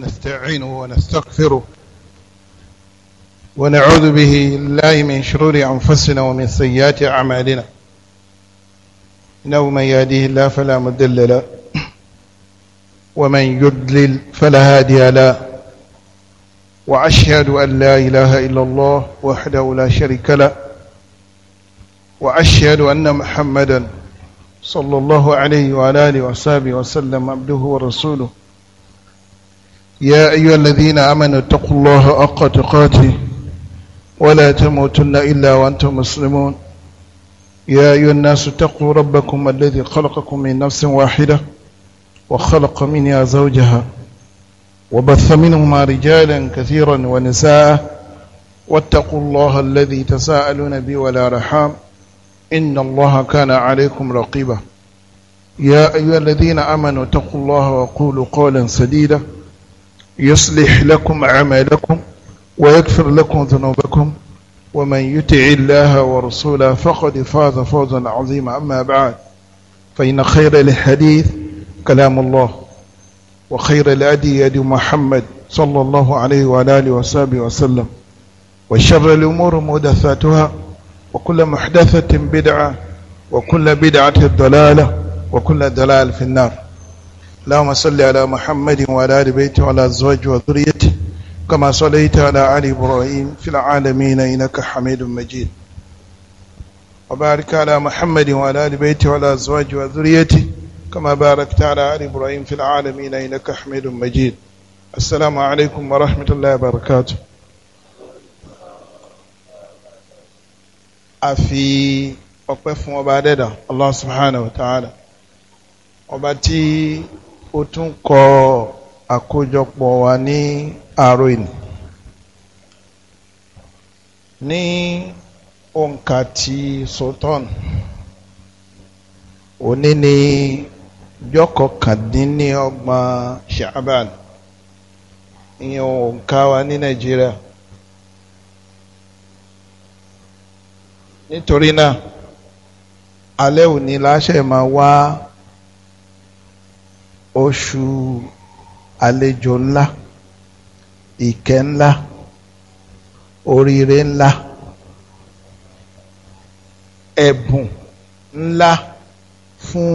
نستعينه ونستغفره ونعوذ به الله من شرور أنفسنا ومن سيئات أعمالنا إنه من يهديه الله فلا مدل له ومن يدلل فلا هادي له وأشهد أن لا إله إلا الله وحده لا شريك له وأشهد أن محمدا صلى الله عليه وعلى آله وصحبه وسلم عبده ورسوله يا أيها الذين آمنوا اتقوا الله حق تقاته ولا تموتن إلا وأنتم مسلمون يا أيها الناس اتقوا ربكم الذي خلقكم من نفس واحدة وخلق منها زوجها وبث منهما رجالا كثيرا ونساء واتقوا الله الذي تساءلون به ولا رحام إن الله كان عليكم رقيبا يا أيها الذين آمنوا اتقوا الله وقولوا قولا سديدا يصلح لكم عملكم ويغفر لكم ذنوبكم ومن يطع الله ورسوله فقد فاز فوزا عظيما أما بعد فإن خير الحديث كلام الله وخير الأدي يد محمد صلى الله عليه وعلى آله وصحبه وسلم وشر الأمور محدثاتها وكل محدثة بدعة وكل بدعة ضلالة وكل ضلال في النار اللهم صل على محمد وعلى آل بيته وعلى أزواجه وذريته كما صليت على آل إبراهيم في العالمين إنك حميد مجيد وبارك على محمد وعلى آل بيته وعلى أزواجه وذريته كما باركت على آل إبراهيم في العالمين إنك حميد مجيد السلام عليكم ورحمة الله وبركاته أفي أقف وبعددا الله سبحانه وتعالى وباتي ó tún kọ àkójọpọ̀ wa ní àárọ̀ ìní ní òǹkà ti sultan òní ni jọ́kọ̀kàndínlọ́gbọ̀n Sha'ban ìyẹn òǹkà wa ní Nàìjíríà nítorí náà alẹ́ òní láṣẹ máa wá. oṣù àlejò ńlá ìkẹ́ ńlá oríire ńlá ẹ̀bùn ńlá fún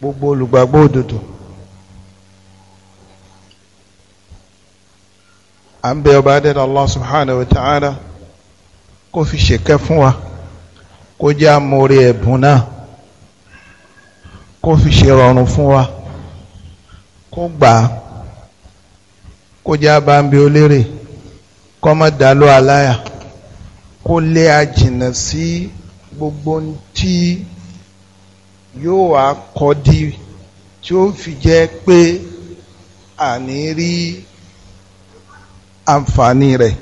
gbogbo olùgbàgbọ́ òdodo. à ń bẹ ọba adẹ́dàá Allah subhanahu wa ta'ala kó fi ṣèkẹ́ fún wa kó jẹ́ amórí ẹ̀bùn náà kó fi ṣèrọ̀rùn fún wa kó gbà á kó jẹ́ abambi olérè kó má dàlú aláyà kó lé ajìnà sí gbogbo tí yóò wá kọ́ tí ó fi jẹ́ pé àní rí àǹfààní rẹ̀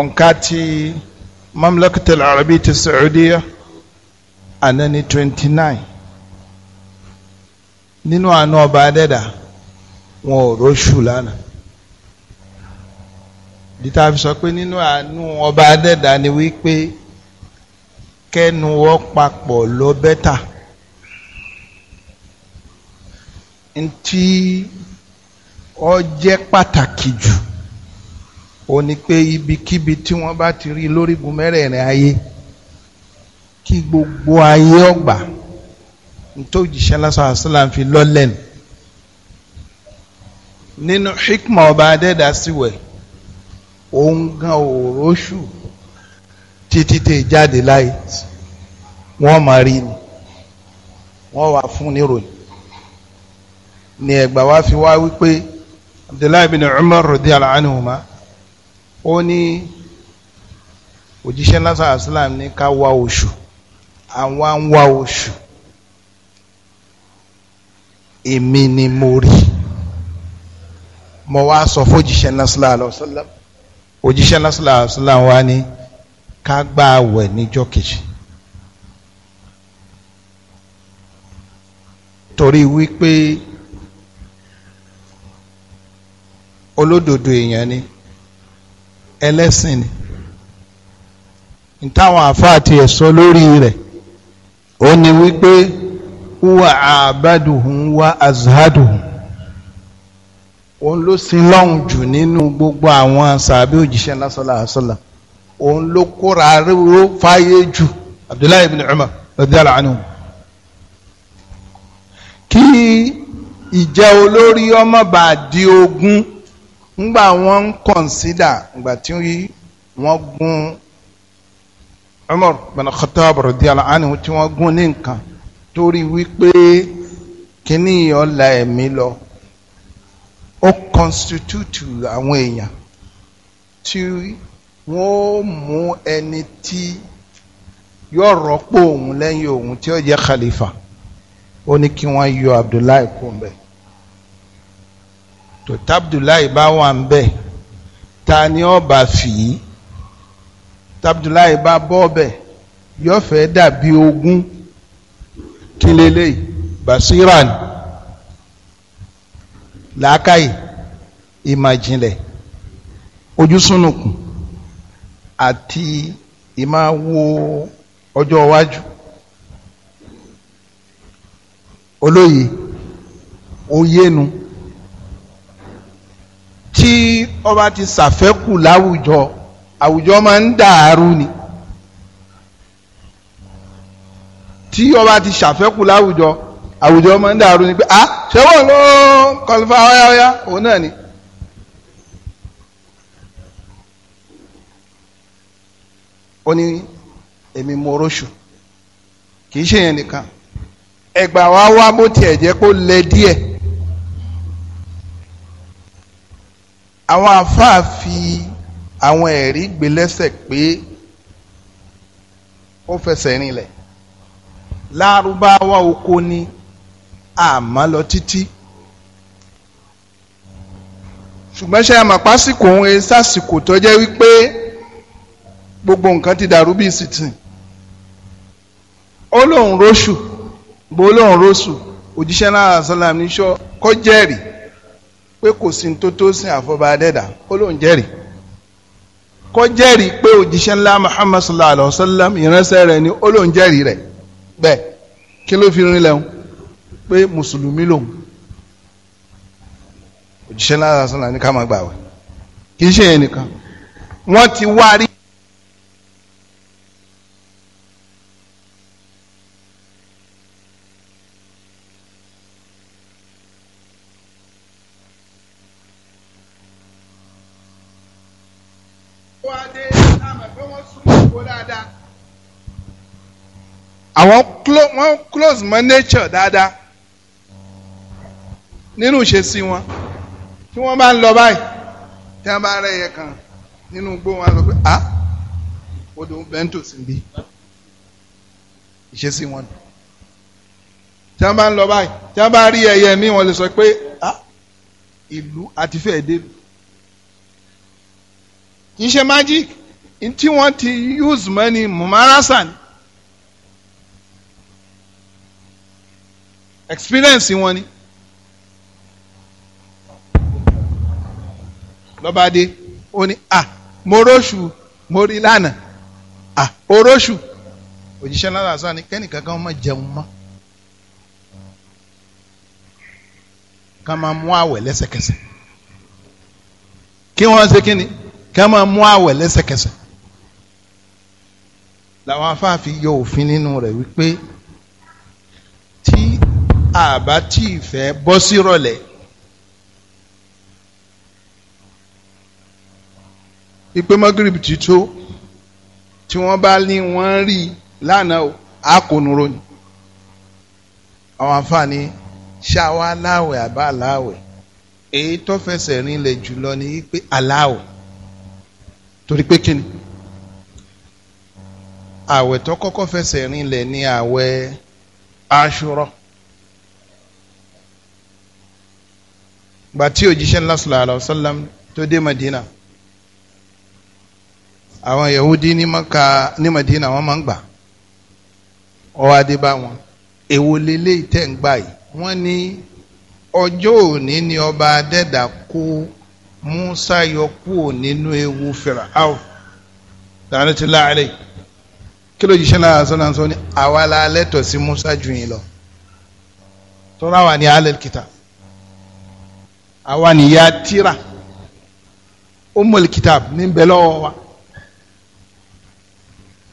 òǹkà ti mamlakatul arabi ti saudiya àná twenty nine nínú àánú ọba adẹ́dà wọn ò róṣù lánàá dìtà fi sọ pé nínú àánú ọba adẹ́dà ni wípé kẹ́nu wọ́n papọ̀ lọ bẹ́tà ntí ọ jẹ́ pàtàkì jù ó ní pé ibikíbi tí wọ́n bá ti rí lórígun mẹ́rẹ̀ẹ̀rin ayé kí gbogbo ayé ọgbà tó jìṣẹ́ lásán àṣìláàmù fi lọ́lẹ́nu nínú hikma ọba adẹ́dá sí wẹ̀ òun gan òróṣù títí tè jáde láyé wọ́n máa rí ni wọ́n wà fún níròyìn ni ẹ̀gbà wá fi wá wípé abdullahi bin umar rodi anhuma ó ní òjíṣẹ́ lásán àṣìláàmù ní ká wá oṣù àwọn ń wá oṣù èmi ni mo rí mo wá sọ fójíṣẹ́ náà sílá àlọ́sílá òjíṣẹ́ náà sílá àlọ́sílá wa ni ká gbà àwẹ̀ níjọ́ kejì torí wípé olódodo èèyàn ni ẹlẹ́sìn ni táwọn àfáà ti ẹ̀sọ́ lórí rẹ̀ ó ní wípé. huwa àbádùhùn wa azhadùhùn òun ló sin lọ́hùn jù nínú gbogbo àwọn sàbí òjíṣẹ́ lásọ̀lá asala òun ló kóra ríró fáyé jù Abdullahi ibi Umar radiyallahu anhu kí ìjẹ́ olórí ọmọ bá di ogún ńgbà wọ́n ń kọ̀nsídà ńgbà tí wọ́n gún Umar bin Khattab radiyallahu anhu tí wọ́n torí wípé kíní ọ̀la ẹ̀mí lọ ó constitute àwọn èèyàn tí wọ́n mú ẹni tí yóò rọ́pò òun lẹ́yìn òun tí ó jẹ́ khalifa ó ní kí wọ́n yọ Abdullahi kó ń bẹ̀ tó tabdullahi bá wà ń bẹ̀ ta ni ó bá fì í tabdullahi bá bọ́ bẹ̀ yóò fẹ́ dàbí ogún kí lélẹ́yìí basira ni làákàyè ìmàjìnlẹ̀ ojúsùnùkùn àti ìmáwo ọjọ́ iwájú olóyè oyénu tí ti ṣàfẹ́kù láwùjọ àwùjọ máa ń dàrú ni tí ọba ti ṣàfẹ́kù láwùjọ àwùjọ máa ń dàrú ni pé ah ṣẹ́wọ̀n ló kọlifà ọ̀yáọ̀yá òun náà ni. ó ní èmi moroṣù kì í ṣe yẹn nìkan ẹgbà wa wá bó tiẹ̀ jẹ́ kó lẹ díẹ̀ àwọn àfáà fi àwọn ẹ̀rí gbé lẹ́sẹ̀ pé ó fẹsẹ̀ rinlẹ̀ lárúbáwá oko ni àmọ́ lọ títí ṣùgbọ́n ṣe àmọ̀ pásìkò ń re sásìkò tó jẹ́ wípé gbogbo nǹkan ti dàrú bíi sìtìn ó lóun róṣù bó lóun róṣù òjíṣẹ́ náà sọ́lá ní sọ kó jẹ́rìí pé kò sí tó tó sin àfọba adẹ́dà ó lóun jẹ́rìí kó jẹ́rìí pé òjíṣẹ́ ńlá Muhammad sallallahu alaihi wasallam ìránṣẹ́ rẹ̀ ni ó lóun jẹ́rìí rẹ̀ bẹ́ẹ̀ kí ló fi rin lẹ́hún pé mùsùlùmí lòun òjíṣẹ́ lára sọ́nà ní ká máa gbààwẹ̀ kì í ṣe yẹn nìkan wọ́n ti wá àwọn wọ́n close mọ́ nature dáadáa nínú ìṣesí wọn tí wọ́n bá ń lọ báyìí tí wọ́n bá rẹ̀ yẹ kan nínú igbó wọn sọ pé a odò bẹ́ńtò sí bí ìṣesí wọn dùn tí wọ́n bá ń lọ báyìí tí wọ́n bá rí ẹyẹ mi wọ́n lè sọ pé a ìlú àti fẹ́ẹ̀ dé lu kì í ṣe magic tí wọ́n ti use money mọ̀márásà ni. experience wọn ni lọ́ba dé ó ní à mo róṣù mo rí lánàá à ó róṣù òjíṣẹ́ náà sá ni kẹ́nìkan kan má jẹun mọ́ ká máa mú àwẹ̀ lẹ́sẹ̀kẹsẹ̀ kí wọ́n ṣe kí ká máa mú àwẹ̀ lẹ́sẹ̀kẹsẹ̀ làwọn afáàfin yọ òfin nínú rẹ̀ wípé tí àbá tí ìfẹ́ bọ́ sírọ̀lẹ́ ìpè magrib ti tó tí wọ́n bá ní wọ́n rí lánàá o àkónúró ni àwọn àǹfààní ṣáwa láwẹ̀ àbá láwẹ̀ èyí tó fẹsẹ̀ rinlẹ̀ jùlọ ni wípé aláwẹ̀ torí pé kíni àwẹ̀ tó kọ́kọ́ fẹsẹ̀ rinlẹ̀ ni àwẹ̀ aṣúrọ̀. gbàtí òjíṣẹ́ ńlá sallallahu alaihi wasallam tó dé Madina àwọn Yahudi ní maka ní Madina wọ́n máa ń gbà ọwọ́ adé bá wọn èwo lélẹ́ ìtẹ́ ń gbà yìí wọ́n ní ọjọ́ òní ni ọba adẹ́dà kó Musa yọ kúrò nínú ewu Fir'aun dáná ti láàárẹ̀ kí ló jíṣẹ́ náà sọ́nà sọ àwa la lẹ́tọ̀ọ́ sí Musa jù yín lọ tọ́ra wà ní alẹ́ kìtà àwa nìyá tíra Ummul Kitab ní bẹ lọ́wọ́ wa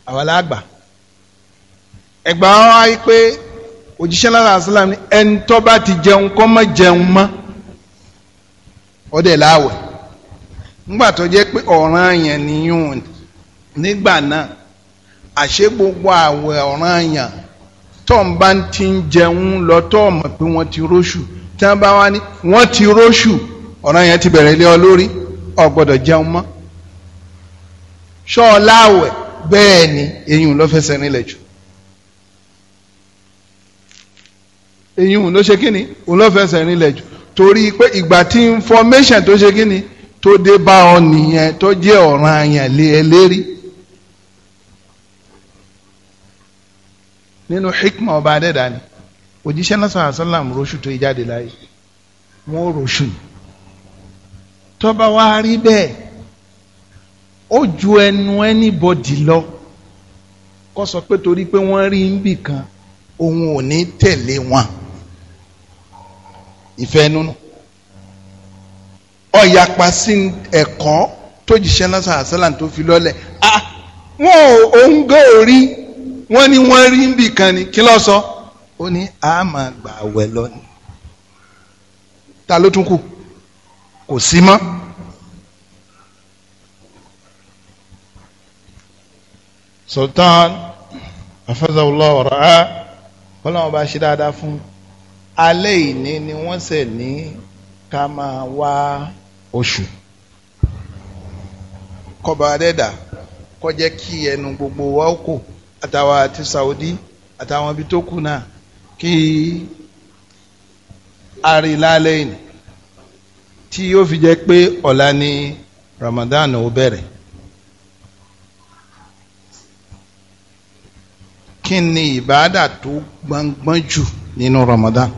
àwa làgbà ẹgbà wa yí pé òjíṣẹ́ lára àṣàlám ni ẹni tó bá ti jẹun kó má jẹun mọ́ ọdẹ láwẹ̀ nígbà tó jẹ́ pé ọ̀ràn yẹn nígbà náà àṣé gbogbo àwẹ̀ ọ̀ràn yẹn tó ti ń jẹun lọ tó mọ̀ ti róṣù tí wọ́n bá wá ní wọ́n ti róṣù ọ̀ràn yẹn ti bẹ̀rẹ̀ lé ọ lórí ọ gbọ́dọ̀ jẹun mọ́ ṣọ́ọ̀láwẹ̀ bẹ́ẹ̀ ni eyín ló fẹsẹ̀ nílẹ̀ jù eyín ló ṣe kíni òun ló fẹsẹ̀ nílẹ̀ jù torí pé ìgbà tí information tó ṣe kíni tó dé bá ọ nìyẹn tó jẹ́ ọ̀ràn àyàn lé ẹ lérí. nínú hikma ọba adẹ́dá ni òjíṣẹ́ náà sọ̀rọ̀ sọ́làm roṣù tó jáde láyé wọ́n roṣù tọ́ba wa rí bẹ́ẹ̀ ó ju ẹnu anybody lọ kó sọ pé torí pé wọ́n rí ń bì kan òun ò ní tẹ̀lé wọn ìfẹ́ nínú ọ̀yàpá sí ẹ̀kọ́ tó jíṣẹ́ náà sọ̀rọ̀ sọ́làm tó fi lọ́lẹ̀ ah wọn ò ń gòrí wọn ni wọ́n rí ń bì kan ni kí ló ó ní a máa gbà wẹ̀ lọ ni ta ló tún kù kò sí mọ́. sultan afazawulọ ọ̀rọ̀ a kọ́lọ́mù bá ṣe dáadáa fún alẹ́ ìní ni wọ́n ṣe ní ká máa wá oṣù kọba adẹ́dà kọjẹ́ kí ẹnu gbogbo wa kò àtàwọn àti Saudi àtàwọn ibi tó kù náà kí arìnlálẹ́ yìí tí yóò fi jẹ́ pé ọ̀la ni Ramadan ó bẹ̀rẹ̀. kí ni ìbáàdà tó gbangban jù nínú Ramadan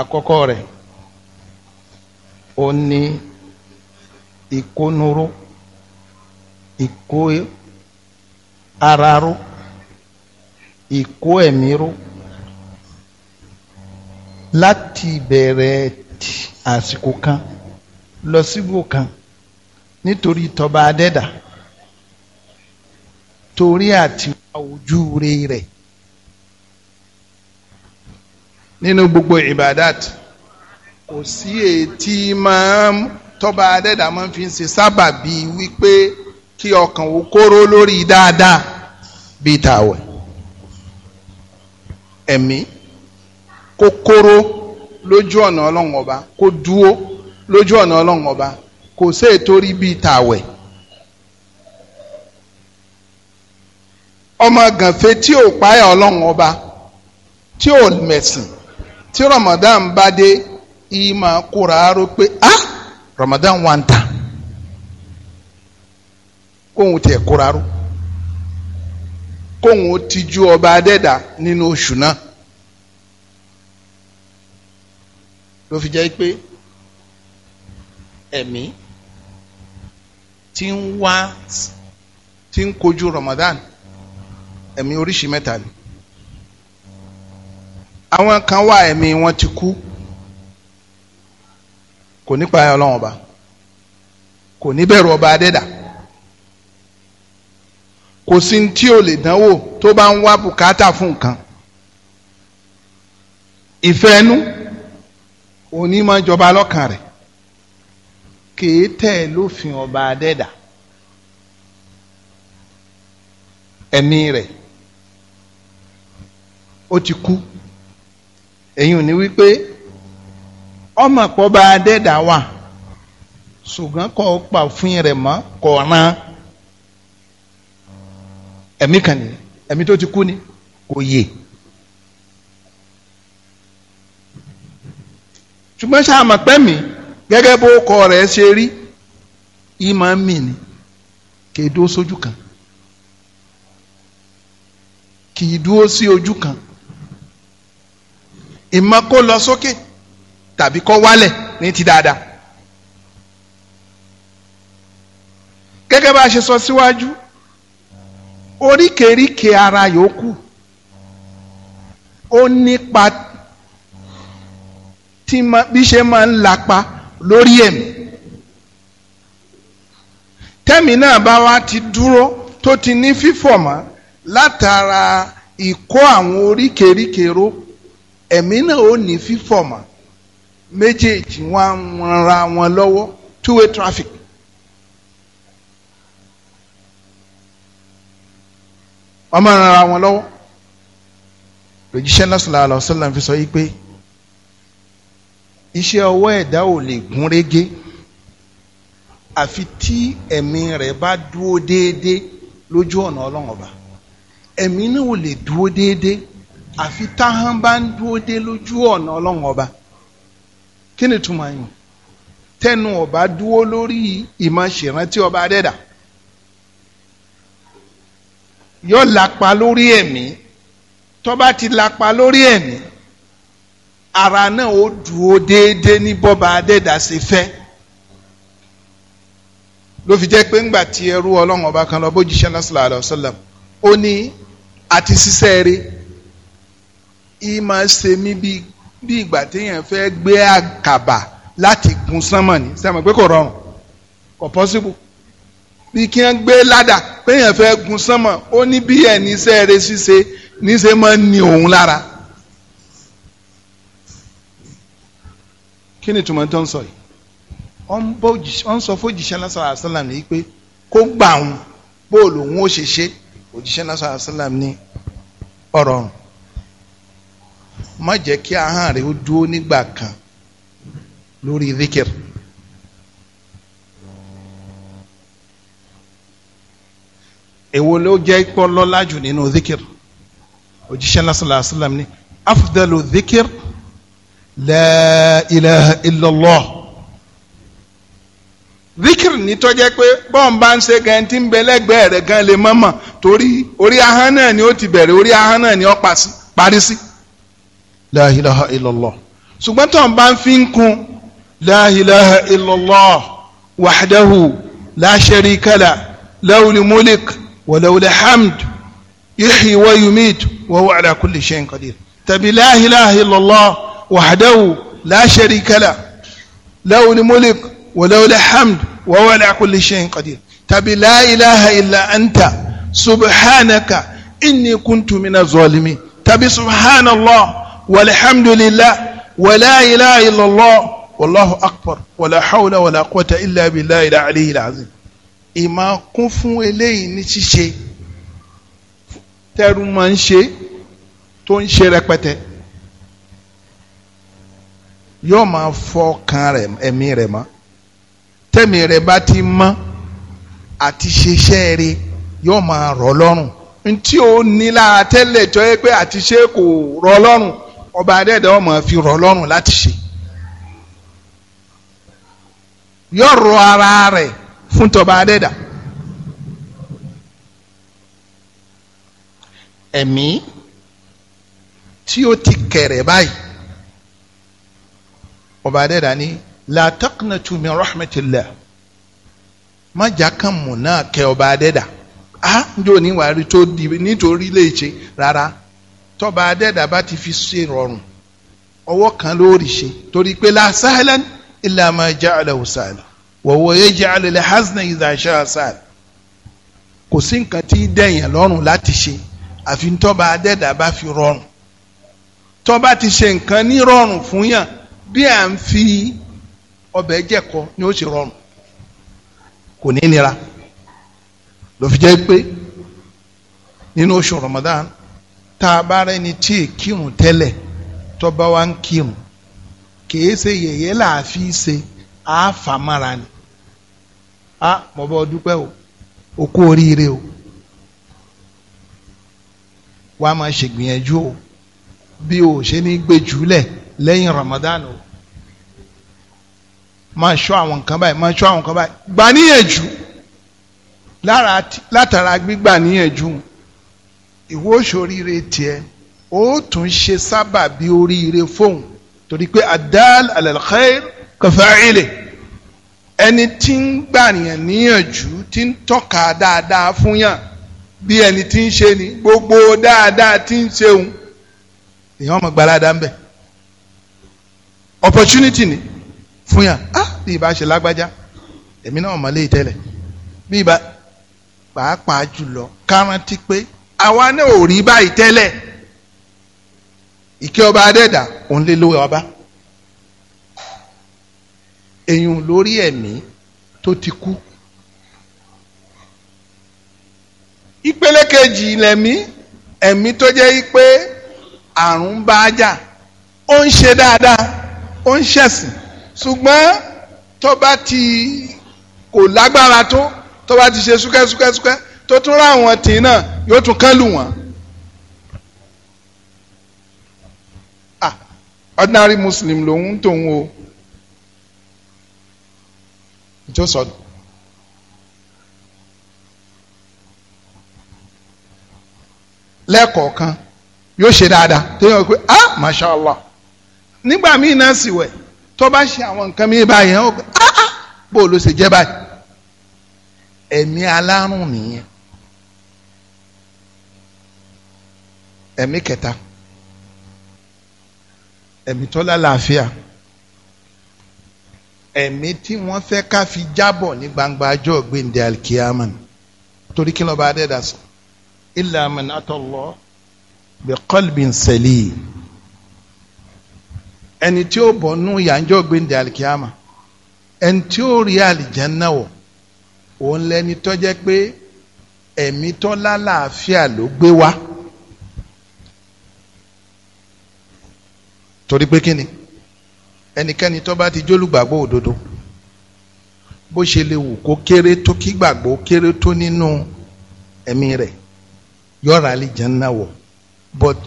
àkọ́kọ́ rẹ̀ ó ní ìkónúró ìkó araró ìkó ẹ̀mí ró láti bẹ̀rẹ̀ àsìkò kan lọ síbò kan nítorí tọba adẹ́dà torí àti ojú rẹ̀ nínú gbogbo ibadat kò sí ètí máa tọba adẹ́dà máa fi ń ṣe sábàbí wípé kí ọkàn ó kóró lórí dáadáa bíi tàwẹ̀. ẹ̀mí kó kóró lójú ọ̀nà ọlọ́run ọba kó dúó lójú ọ̀nà ọlọ́run ọba kò sí ètòrí bíi tàwẹ̀. ọmọ gànfẹ́ tí ò páyà ọlọ́run ọba tí ò mẹ̀sìn tí Ramadan bá dé ìyí máa kóra ró pé ah Ramadan wà ń ta kóhun tiẹ̀ kóra ró. kóhun ó tijú ọba adẹ́dà nínú oṣù náà ló fi jẹ́ pé ẹ̀mí tí ń wá tí ń kojú Ramadan ẹ̀mí oríṣi mẹ́ta ni àwọn kan wà ẹ̀mí wọn ti kú kò nípa Ọlọ́run ọba kò ní bẹ̀rù ọba adẹ́dà. kò sí tí o lè dánwò tó bá ń wá bùkátà fún nǹkan ìfẹ́ ẹnu òní máa jọba lọ́kàn rẹ̀ kèé tẹ̀ lófin ọba adẹ́dà ẹ̀mí rẹ̀ ó ti kú èyí ò ní wípé ọmọ pọ̀ bá adẹ́dà wà ṣùgbọ́n kò pa òfin rẹ̀ mọ́ kò ràn án. ẹ̀mí kan nìyẹn ẹ̀mí tó ti kú ni kò yè. ṣùgbọ́n ṣáàmà pẹ́mì gẹ́gẹ́ bó kọ rẹ̀ ṣe rí ìmọ̀ mì ni kì í dúró sójú kan kì í dúró sí ojú kan ìmọ̀ kó lọ sókè tàbí kó wálẹ̀ ní ti dáadáa gẹ́gẹ́ bá a ṣe sọ síwájú. Si oríkèéríkèé ara yòókù ó nípa tí bí ṣe máa ń lapa lórí ẹ̀mí tẹ́mi náà bá wá ti dúró tó ti ní fífọ̀ mọ́ látara ìkó àwọn oríkèéríkèé ró ẹ̀mí náà ó ní fífọ̀ mọ́ méjèèjì wọn ra wọn lọ́wọ́ two way traffic. wọ́n máa ran ara wọn lọ́wọ́ lójíṣẹ́ náà sallallahu alaihi wasallam fi sọ yìí pé iṣẹ́ ọwọ́ ẹ̀dá ò lè gún régé àfi tí ẹ̀mí rẹ̀ bá dúró déédéé lójú ọ̀nà ọlọ́run ọba ẹ̀mí náà ò lè dúró déédéé àfi táhán bá ń dúró dé lójú ọ̀nà ọlọ́run ọba kí ni túmọ̀ yìí tẹnu ọba dúró lórí ìmọ̀ ṣèrántí ọba adẹ́dàá yóò lapa lórí ẹ̀mí tó bá ti lapa lórí ẹ̀mí ara náà ó dúró déédéé ní bọ́ba adẹ́dà ṣe fẹ́ ló fi jẹ́ pé ńgbà tí ẹrú ọlọ́run ọba kan lọ bójúṣẹ́ náà sallallahu alaihi wasallam ó ní àti ṣiṣẹ́ rí i máa ṣe mí bí ìgbà téèyàn fẹ́ gbé àkàbà láti gun sánmọ̀ ní sẹ́mi pé kò rọrùn kò possible bí kí wọ́n gbé ládà péyàn fẹ́ gun sánmọ̀ ó ní bí ẹ̀ níṣẹ́ rẹ ṣíṣe níṣẹ́ máa ń ni òun lára. kí ni tùmọ̀ tó ń sọ yìí wọ́n ń sọ fójìṣẹ́ lásán àṣàlám ní pé kó gbà wọn bóòlù òun ó ṣe ṣe òjíṣẹ́ lásán àṣàlám ní ọ̀rọ̀ ọ̀run má jẹ́ kí ahọ́n rẹ̀ ó dúró nígbà kan lórí zikir èwo ló jẹ́ pọ́ lọ́lá jù nínú zikir òjíṣẹ́ lásìlá àṣìlám ni afdalu zikir la ilaha illallah zikir ní tọ́jẹ́ pé bọ́ọ̀n bá ń ṣe gan tí ń bẹ lẹ́gbẹ̀ẹ́ rẹ̀ gan lè mọ́mọ́ torí orí ahọ́n náà ni ó ti bẹ̀rẹ̀ orí ahọ́n náà ni ó parí sí la ilaha illallah ṣùgbọ́n tó bá ń fi ń kun la ilaha illallah wahdahu la sharika la lawli walaw alhamd yuhyi wa yumiitu wa huwa ala kulli shay'in qadir tàbí la ilaha illallah wahdahu la sharika lahu lahul mulku wa lahul hamd wa huwa ala kulli shay'in qadir tàbí la ilaha illa anta subhanaka inni kuntu minaz zalimin tàbí subhanallah walhamdulillah wa la ilaha illallah wallahu akbar wa la hawla wa la quwwata illa billahi al-aliyyil azim ìmọ̀ kún fún eléyìí ní ṣíṣe tẹ́rù máa ń ṣe tó ń ṣe rẹpẹtẹ yóò máa fọ kan rẹ̀ ẹ̀mí rẹ̀ mọ́ tẹ́mi rẹ̀ bá ti mọ́ àti ṣeṣẹ́ rẹ̀ yóò máa rọ̀ lọ́rùn ntí o nílá tẹ́lẹ̀ tó yẹ pé àti ṣe kò rọ̀ lọ́rùn ọba adẹ́dẹ́ ọmọ fi rọ̀ lọ́rùn láti ṣe yóò rọ ara rẹ̀ fún tọba adẹ́dà ẹ̀mí tí ó ti kẹ̀rẹ̀ báyìí ọba adẹ́dà ní la taqnatu min rahmatillah májà kan mú náà kẹ ọba adẹ́dà á njó ní wàá rí tó di nítorí lè ṣe rárá tọba adẹ́dà bá ti fi ṣe rọrùn ọwọ́ kan lórí ṣe torí pé la sahlan illa ma ja'alahu wọ̀wọ̀ yé jẹ́ alẹ́lẹ́ hasna ìdáṣẹ́ asal kò sí nǹkan tí dẹ̀yìn lọ́rùn láti ṣe àfi tọ́ba adẹ́dà bá fi rọrùn tọ́ba ti ṣe nǹkan ní rọrùn fún yàn bí à ń fi ọbẹ̀ jẹ̀kọ ni ó ṣe rọrùn kò ní nira ló fi jẹ́ pé nínú oṣù Ramadan tá a bá rẹ́ni tí ì kírun tẹ́lẹ̀ tọ́ba wa ń kírun kìí ṣe yẹ̀yẹ́ làá fi ṣe àáfàmára ni a ah, mọ̀ bọ́ dúpẹ́ o o kú oríire o wà á máa ṣègbìyànjú o bí o ṣe ní gbé jùlẹ̀ lẹ́yìn Ramadan o máa ṣọ́ àwọn nǹkan báyìí máa ṣọ́ àwọn nǹkan báyìí gbà níyànjú látara gbígbà níyànjú ìwọ òṣòríire tiẹ̀ ó tún ṣe sábà bí oríire fóun torí pé adal alalxeir kàfáìlè ẹni tí ń gbàyàn níyànjú tí ń tọ́ka dáadáa fún yàn bí ẹni tí ń ṣe ni gbogbo dáadáa tí ń ṣe èèyàn ọmọ gbalada ń bẹ opportunity ni fún yàn á ah, bí ibà ṣe lágbájá èmi náà mọ̀ léyìí tẹ́lẹ̀ bí ibà pàápàá jùlọ kárántí pé àwa náà ò rí báyìí tẹ́lẹ̀ ìkẹ́ ọba adẹ́dà òun ọba èyàn lórí ẹ̀mí tó ti kú. ìpele kejì lẹ̀mí ẹ̀mí tó jẹ́ pé àrùn bá jà ó ń ṣe dáadáa ó ń ṣẹ̀sìn ṣùgbọ́n tó bá ti kò lágbára tó tó bá ti ṣe súkẹ́súkẹ́súkẹ́ tó tún ráwọn tì náà yóò tún kán lù wọ́n. Ah, ordinary muslim lòun tóun o tí ó sọnù. lẹ́ẹ̀kọ̀ọ̀kan yóò ṣe dáadáa téèyàn pé ah masha allah nígbà míì náà sì wẹ̀ tó bá ṣe àwọn nǹkan míì báyìí ó pé ah ah bó ló ṣe jẹ́ báyìí ẹ̀mí alárùn nìyẹn ẹ̀mí kẹta ẹ̀mí tó lálàáfíà ẹ̀mí tí wọ́n fẹ́ ká fi jábọ̀ ní gbangba ajọ́ gbẹ̀ndẹ̀ alkiyaman torí kí lọ́ba adẹ́dà sọ illa man atallah bi qalbin salim ẹni tí ó bọ̀ nú yànjọ́ gbẹ̀ndẹ̀ alkiyaman ẹni tí ó rí àlìjánná wọ̀ òun lẹni tó pé ẹ̀mí tó lálàáfíà ló gbé wá torí pé kí ni ẹnikẹ́ni tó bá ti jólùgbàgbọ́ òdodo bó ṣe lè wù kó kéré tó kí gbàgbọ́ kéré tó nínú ẹ̀mí rẹ̀ yọ̀ọ̀rọ̀ àlìjánná wọ̀ but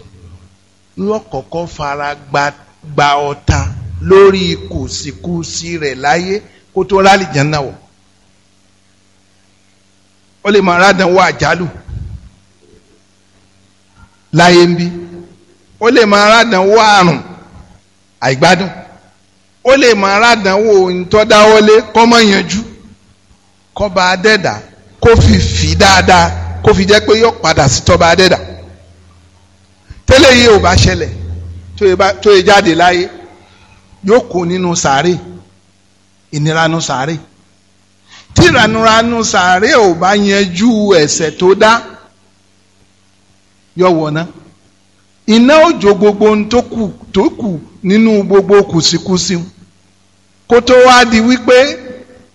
lọ́kọ̀ọ́kọ́ fara gba gba ọ̀tá lórí kùsìkùsì rẹ̀ láyé kó tó rálìjánná wọ̀ ó lè máa rádàn wọ àjálù láyé ń bí ó lè máa rádàn àrùn àìgbádùn ó lè mọ aládàáwò ntọ́dáwọlé kọ́ mọ́ yanjú kọ́ bá a dẹ́dà kó fi fi dáadáa kó fi jẹ́ pé yóò padà sí tọ́ba adẹ́dà tẹ́lẹ̀ yìí ò bá ṣẹlẹ̀ tó yẹ e e jáde láyé yóò kó nínú sàárè ìniranu sàárè tí ìranuranu sàárè ò bá yanjú ẹ̀ṣẹ̀ tó dá yọ wọ̀ná iná òjò gbogbo ohun tó nínú gbogbo kùsìkùsì kó tó wá di wípé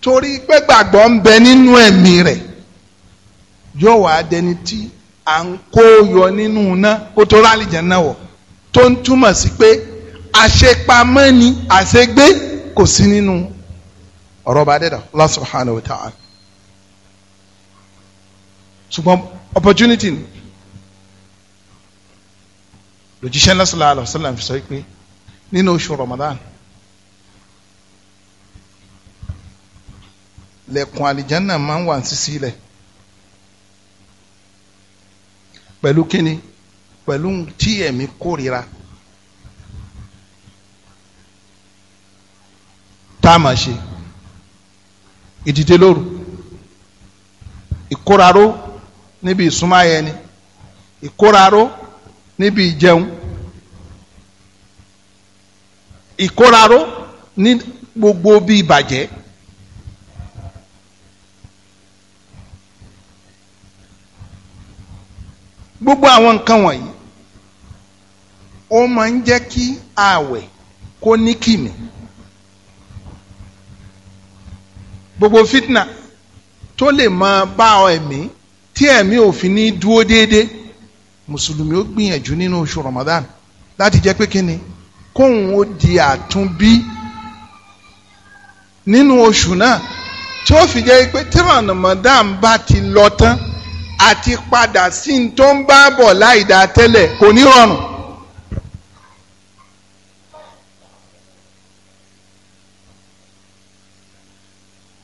torí pé gbàgbọ́ ń bẹ nínú ẹ̀mí rẹ̀ yóò wá dẹni tí à ń kó yọ nínú iná kó tó rálìjẹ náà wọ̀ tó ń túmọ̀ sí pé àṣepamọ́ ni àṣegbé kò sí nínú ọ̀rọ̀ bá dẹ́dà Allah subhanahu ṣùgbọ́n opportunity ni lòjíṣẹ́ sallallahu alaihi wasallam fi sọ pé nínú oṣù Ramadan lẹ́kùn àlìjánà máa ń wà sísí lẹ̀ pẹ̀lú kíni pẹ̀lú tí ẹ̀mí kórira tá a máa ṣe ìdìde lóru ìkóraró níbi ìsúnmáyẹni ìkóraró níbi ìjẹun ìkóraró ní gbogbo bí ìbàjẹ́. gbogbo àwọn nǹkan wọ̀nyí ó máa ń jẹ́ kí ààwẹ̀ kó ní kìmí gbogbo fitna tó lè máa bá ọ ẹ̀mí tí ẹ̀mí òfin ní dúó déédéé mùsùlùmí ó gbìyànjú nínú oṣù Ramadan láti jẹ́ pé kí ni kóun ó di àtúnbí nínú oṣù náà tí ó fi jẹ́ pé tí Ramadan bá ti lọ tán àti padà sí ní tó ń bá bọ̀ láìda tẹ́lẹ̀ kò ní rọrùn.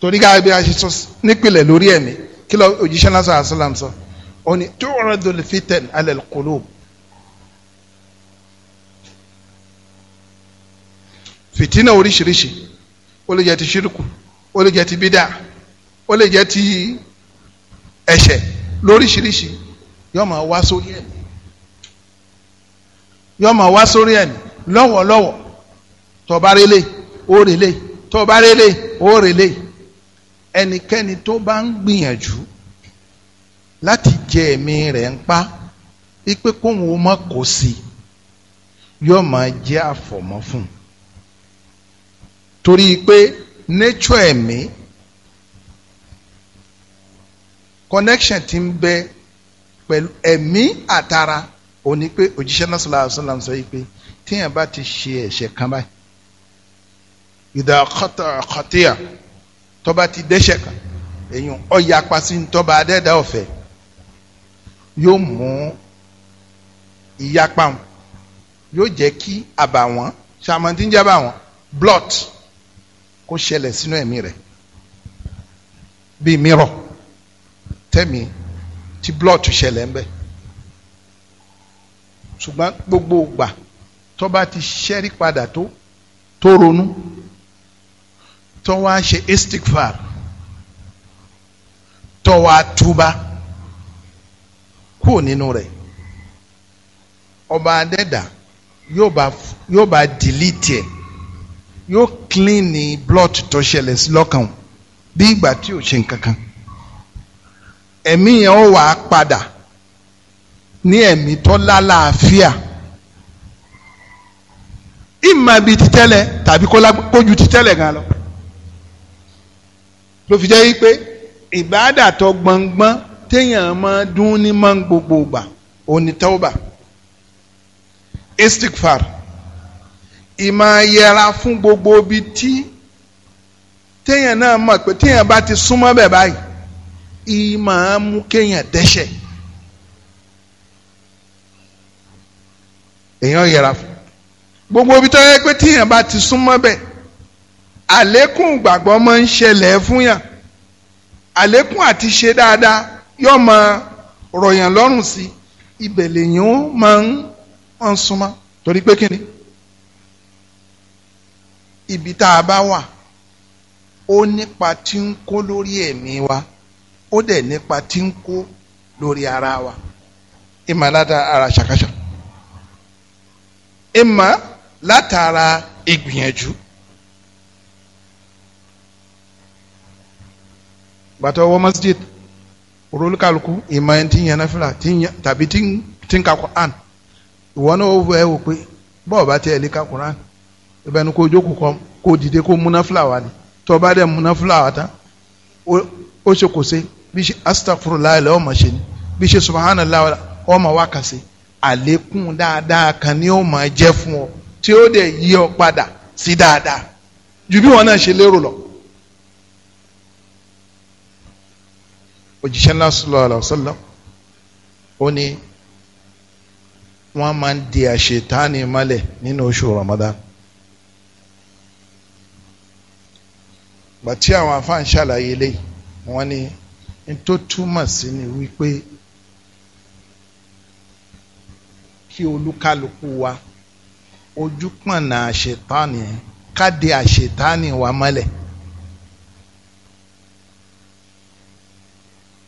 torí gáà bí a ṣe sọ nípìnlẹ̀ lórí ẹ̀mí kí ló òjíṣẹ́ náà sọ àṣàlám ọ ni tu'radul fitan ala al-qulub. Fitina oríṣiríṣi ó lè jẹ́ ti ṣírùkù ó lè jẹ́ ti bídà ó lè jẹ́ ti ẹ̀ṣẹ̀ lóríṣiríṣi yóò máa wá sórí ẹ̀mí yóò máa wá sórí ẹ̀mí lọ́wọ́lọ́wọ́ tó bá rélé ó rélé tó bá rélé ó rélé ẹnikẹ́ni tó bá ń gbìyànjú láti jẹ ẹ̀mí rẹ̀ ń pa ipe kóhun ó má kó sí yóò máa jẹ́ àfọ̀mọ́ fún un torí pé nature ẹ̀mí connection ti ń bẹ pẹ̀lú ẹ̀mí àtara òní pé òjíṣẹ́ náà sallallahu alaihi wasallam sọ yìí pé téèyàn bá ti ṣe ẹ̀ṣẹ̀ kan báyìí ìdá ọ̀kọ́tà ọ̀kọ́tìyà tọ́ba ti dẹ́ṣẹ̀ kan èyàn ọ̀yà apasí tọ́ba adẹ́dá ọ̀fẹ́ yóò mú ìyapa wọn yóò jẹ́ kí àbàwọ́n ṣàmọ́tí ń wọn blot kó ṣẹlẹ̀ sínú ẹ̀mí rẹ̀ bíi mìíràn tẹ̀mí tí blood ṣẹlẹ̀ ń bẹ ṣùgbọ́n gbogbo ìgbà tó bá ti ṣẹ́rí padà tó tó ronú tó wá ṣe istikfar tó wá túbá kúrò nínú rẹ̀ ọba adẹ́dà yóò bá yóò bá dìlítì ẹ̀ yóò clean ní blood tó ṣẹlẹ̀ sí lọ́kàn bí ìgbà tí ò ṣe nǹkan kan ẹ̀mí yẹn ó wàá padà ní ẹ̀mí tó lálàáfíà ìmọ̀ bíi ti tẹ́lẹ̀ tàbí kó ju ti gan lọ ló fi jẹ́ pé ìbádàtọ̀ gbọ̀ngbọ́n téèyàn máa dún ní máa gbogbo ìgbà òní istikfar ìmọ̀ yẹra fún gbogbo ibi tí téèyàn náà mọ̀ pé téèyàn bá ti súnmọ́ bẹ̀ báyìí ìmọ̀ mú kéèyàn dẹ́ṣẹ̀ èèyàn yẹra fún gbogbo ibi tó yẹ pé téèyàn bá ti súnmọ́ bẹ̀ àlékún ìgbàgbọ́ máa ń ṣẹlẹ̀ fún yàn àlékún àti ṣe dáadáa yóò máa rọ̀yàn lọ́rùn sí ibẹ̀ lèyàn máa ń súnmọ́ torí pé kí ni ibi tá a bá wà ó nípa tí ń kó lórí ẹ̀mí wa ó dẹ̀ nípa tí ń kó lórí ara wa ìmọ̀ látara ara ṣàkàṣà ìmọ̀ látara ìgbìyànjú. bàtà ọwọ́ masjid olólùkàlùkù ìmọ̀ ẹni tí ń yẹn náfìlà tàbí tí ń ka Quran ìwọ náà ó wọ ẹ wò pé bọ́ọ̀ bá tẹ̀ ẹ́ lé ka Quran ìbẹ̀ ni kó jókòó kọ́ kó dìde kó múná fúláwà ni tó bá dẹ̀ múná fúláwà tán ó ṣe kò ṣe bí ṣe astaghfirullah ilẹ̀ ọmọ ṣe ni bí ṣe subhanallah ọmọ wa kà sí àlékún dáadáa kan ni ó máa jẹ́ fún ọ tí ó dẹ̀ yí ọ padà sí dáadáa ju bí wọn náà ṣe lérò lọ. òjíṣẹ́ náà sallallahu alaihi wasallam ó ní wọ́n máa ń di àṣetáni nínú oṣù Ramadan. gbàtí àwọn afáàn ṣàlàyé lé wọn ni n tó túmọ̀ sí ni wípé kí olúkálukú wa ojú àṣetánì káde àṣetánì wa mọ́lẹ̀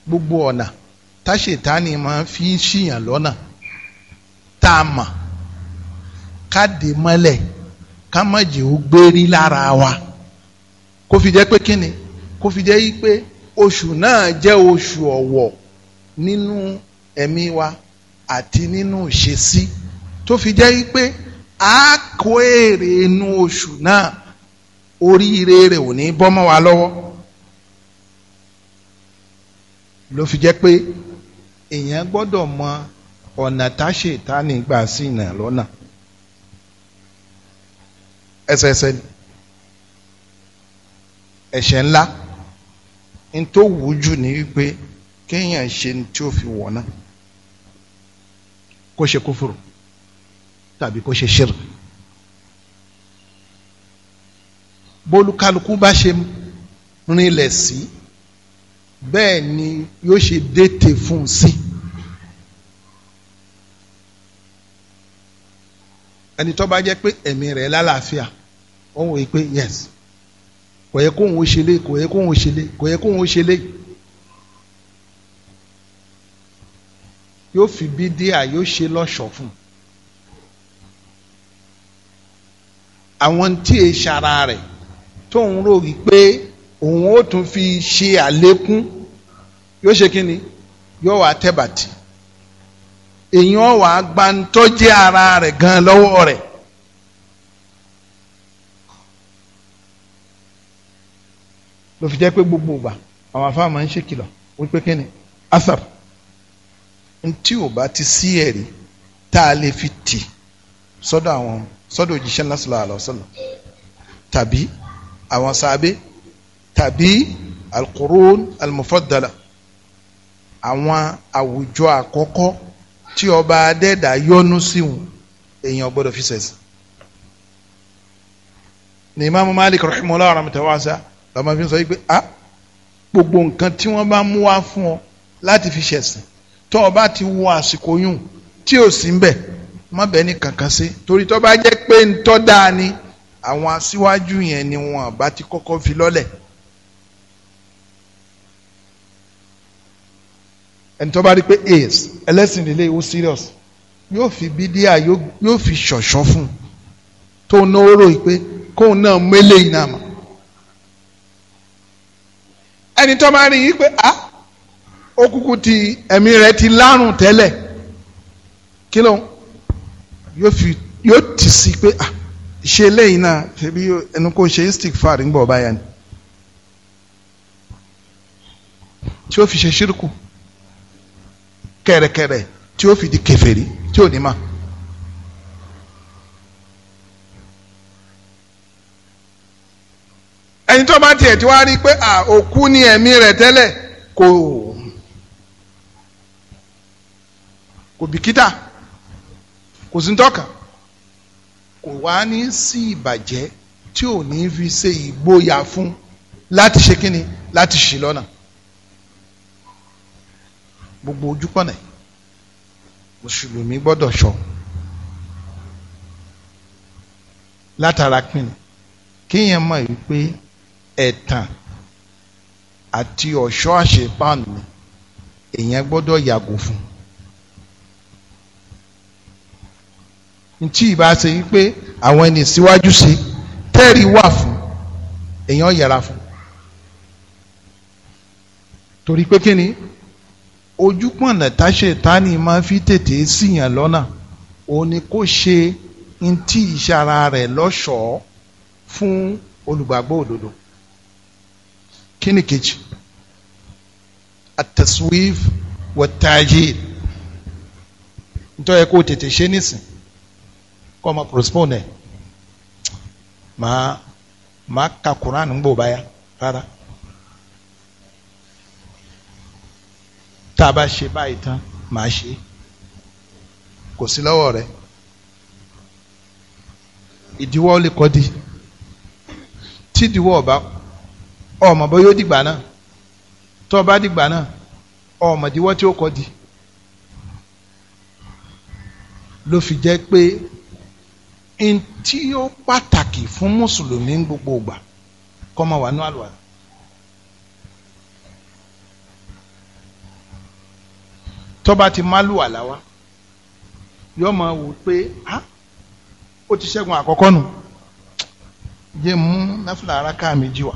gbogbo ọ̀nà táṣetánì máa fi ṣìyàn lọ́nà tá a mọ̀ káde mọ́lẹ̀ ká ó kó fi jẹ́ pé kíni kó fi jẹ́ yí pé oṣù náà jẹ́ oṣù ọ̀wọ̀ nínú ẹ̀mí wa àti nínú ìṣesí tó fi jẹ́ yí pé a kó èrè inú oṣù náà oríire rẹ̀ ò ní bọ́mọ́ wa lọ́wọ́ ló fi jẹ́ pé èèyàn gbọ́dọ̀ mọ ọ̀nà táṣe tá sí ìnà lọ́nà ẹsẹẹsẹ ni ẹ̀ṣẹ̀ ńlá n tó wù ú jù ní wípé kéèyàn ṣe ní tí ó fi wọ̀ náà kó ṣe kúfùrù tàbí kó ṣe ṣírk bólúkálukú bá ṣe rinlẹ̀ sí bẹ́ẹ̀ ni yóò ṣe dété fún un sí. ẹni tó bá jẹ́ pé ẹ̀mí rẹ̀ lálàáfíà wọ́n wòye pé yes kò yẹ kóhun ó ṣe lé kò yẹ kóhun ó ṣe lé kò yẹ kóhun ó ṣe lé yóò fi bí díà yóò ṣe lọ́ṣọ̀ fún un àwọn tí e ṣara rẹ̀ tóun rò wípé òun ó tún fi ṣe àlékún yóò ṣe kí ni yóò wá tẹ́bàtì èèyàn wàá gbantọ́jẹ́ ara rẹ̀ gan lọ́wọ́ rẹ̀. ló fi jẹ́ pé gbogbo ìgbà àwọn afá máa ń ṣèkìlọ̀ wípé kí ni asar ntí ò bá ti sí ẹ̀rí tá a lè fi tì sọ́dọ̀ àwọn sọ́dọ̀ òjíṣẹ́ ńlá sallallahu alaihi wasallam tàbí àwọn sàábé tàbí alqurun almufaddala àwọn àwùjọ àkọ́kọ́ tí ọba adẹ́dà yọ́nú sí wọn èèyàn gbọ́dọ̀ fi sẹ̀sìn. ni imaamu malik rahimahullah rahmatawasa la máa fi sọ pé a ah, gbogbo nǹkan tí wọ́n bá mú wá fún ọ láti fi ṣẹ̀sìn tó o bá ti wo àsìkò yùn tí ò sí mbẹ̀ má bẹ́ẹ̀ ní kankan sí torí tó bá jẹ́ pé ń tọ́ dáa ni àwọn aṣíwájú yẹn ni wọn bá ti kọ́kọ́ fi lọ́lẹ̀. ẹni tó bá rí pé ace ẹlẹ́sìn nílé ìwò serious yóò fi bídíà yóò fi ṣọ̀ṣọ́ fún un tóun náà rò pé kóun náà mú eléyìí náà mọ̀ ẹni tó máa rí yìí pé a ó kúkú ti ẹ̀mí rẹ̀ ti lárùn tẹ́lẹ̀ kí ló yóò fi yóò tì sí pé a ah, ṣe eléyìí náà ṣebí ẹnu kó ṣe istik far ń gbọ̀ báyà ni tí ó fi ṣe ṣírkù kẹ̀rẹ̀kẹ̀rẹ̀ tí ó fi di kèfèrí tí ò ní máa. ẹni tó bá tiẹ̀ ti wá rí pé òkú ni ẹ̀mí rẹ̀ tẹ́lẹ̀ kò kò bìkítà kò sí tọ́ka kò wá ní sí ìbàjẹ́ tí ò ní fi ṣe ìgboyà fún láti ṣe kíni láti ṣì lọ́nà gbogbo ojúkọ̀nà mùsùlùmí gbọ́dọ̀ ṣọ́ látara kíni kéèyàn mọ̀ wípé ẹ̀tàn àti ọ̀ṣọ́ àṣepánu èèyàn gbọ́dọ̀ yàgò fún ntí ìbá ṣe wípé àwọn ẹni síwájú sí tẹ́rì wà fún èèyàn yẹra fún torí pé kí ni ojúpọ̀nà táṣetánì máa fi tètè síyàn lọ́nà òun ni kò ṣe ntí ìṣara rẹ̀ lọ́ṣọ̀ọ́ fún olùgbàgbọ́ òdodo kíni kejì at-taswif wat-ta'jil nítorí ẹ kó o tètè ṣe nísìn kó o máa postpone ẹ máa máa ka Quran ń gbò báyà rárá tá a bá ṣe báyìí kò sí lọ́wọ́ rẹ ìdíwọ́ lè kọ́ di tí ìdíwọ́ ọba ọmọ bó yóò dìgbà náà tó o bá dìgbà náà ọmọ ìdíwọ́ tí ó kọ́ di ló fi jẹ́ pé n tí ó pàtàkì fún mùsùlùmí gbogbo ìgbà kọ́ máa wà ní àlùwàlá. tó ti máa lùwàlá yóò máa wò pé ó ti ṣẹ́gun àkọ́kọ́ nù jẹ́ mú náfìlà ara ká méjì wá.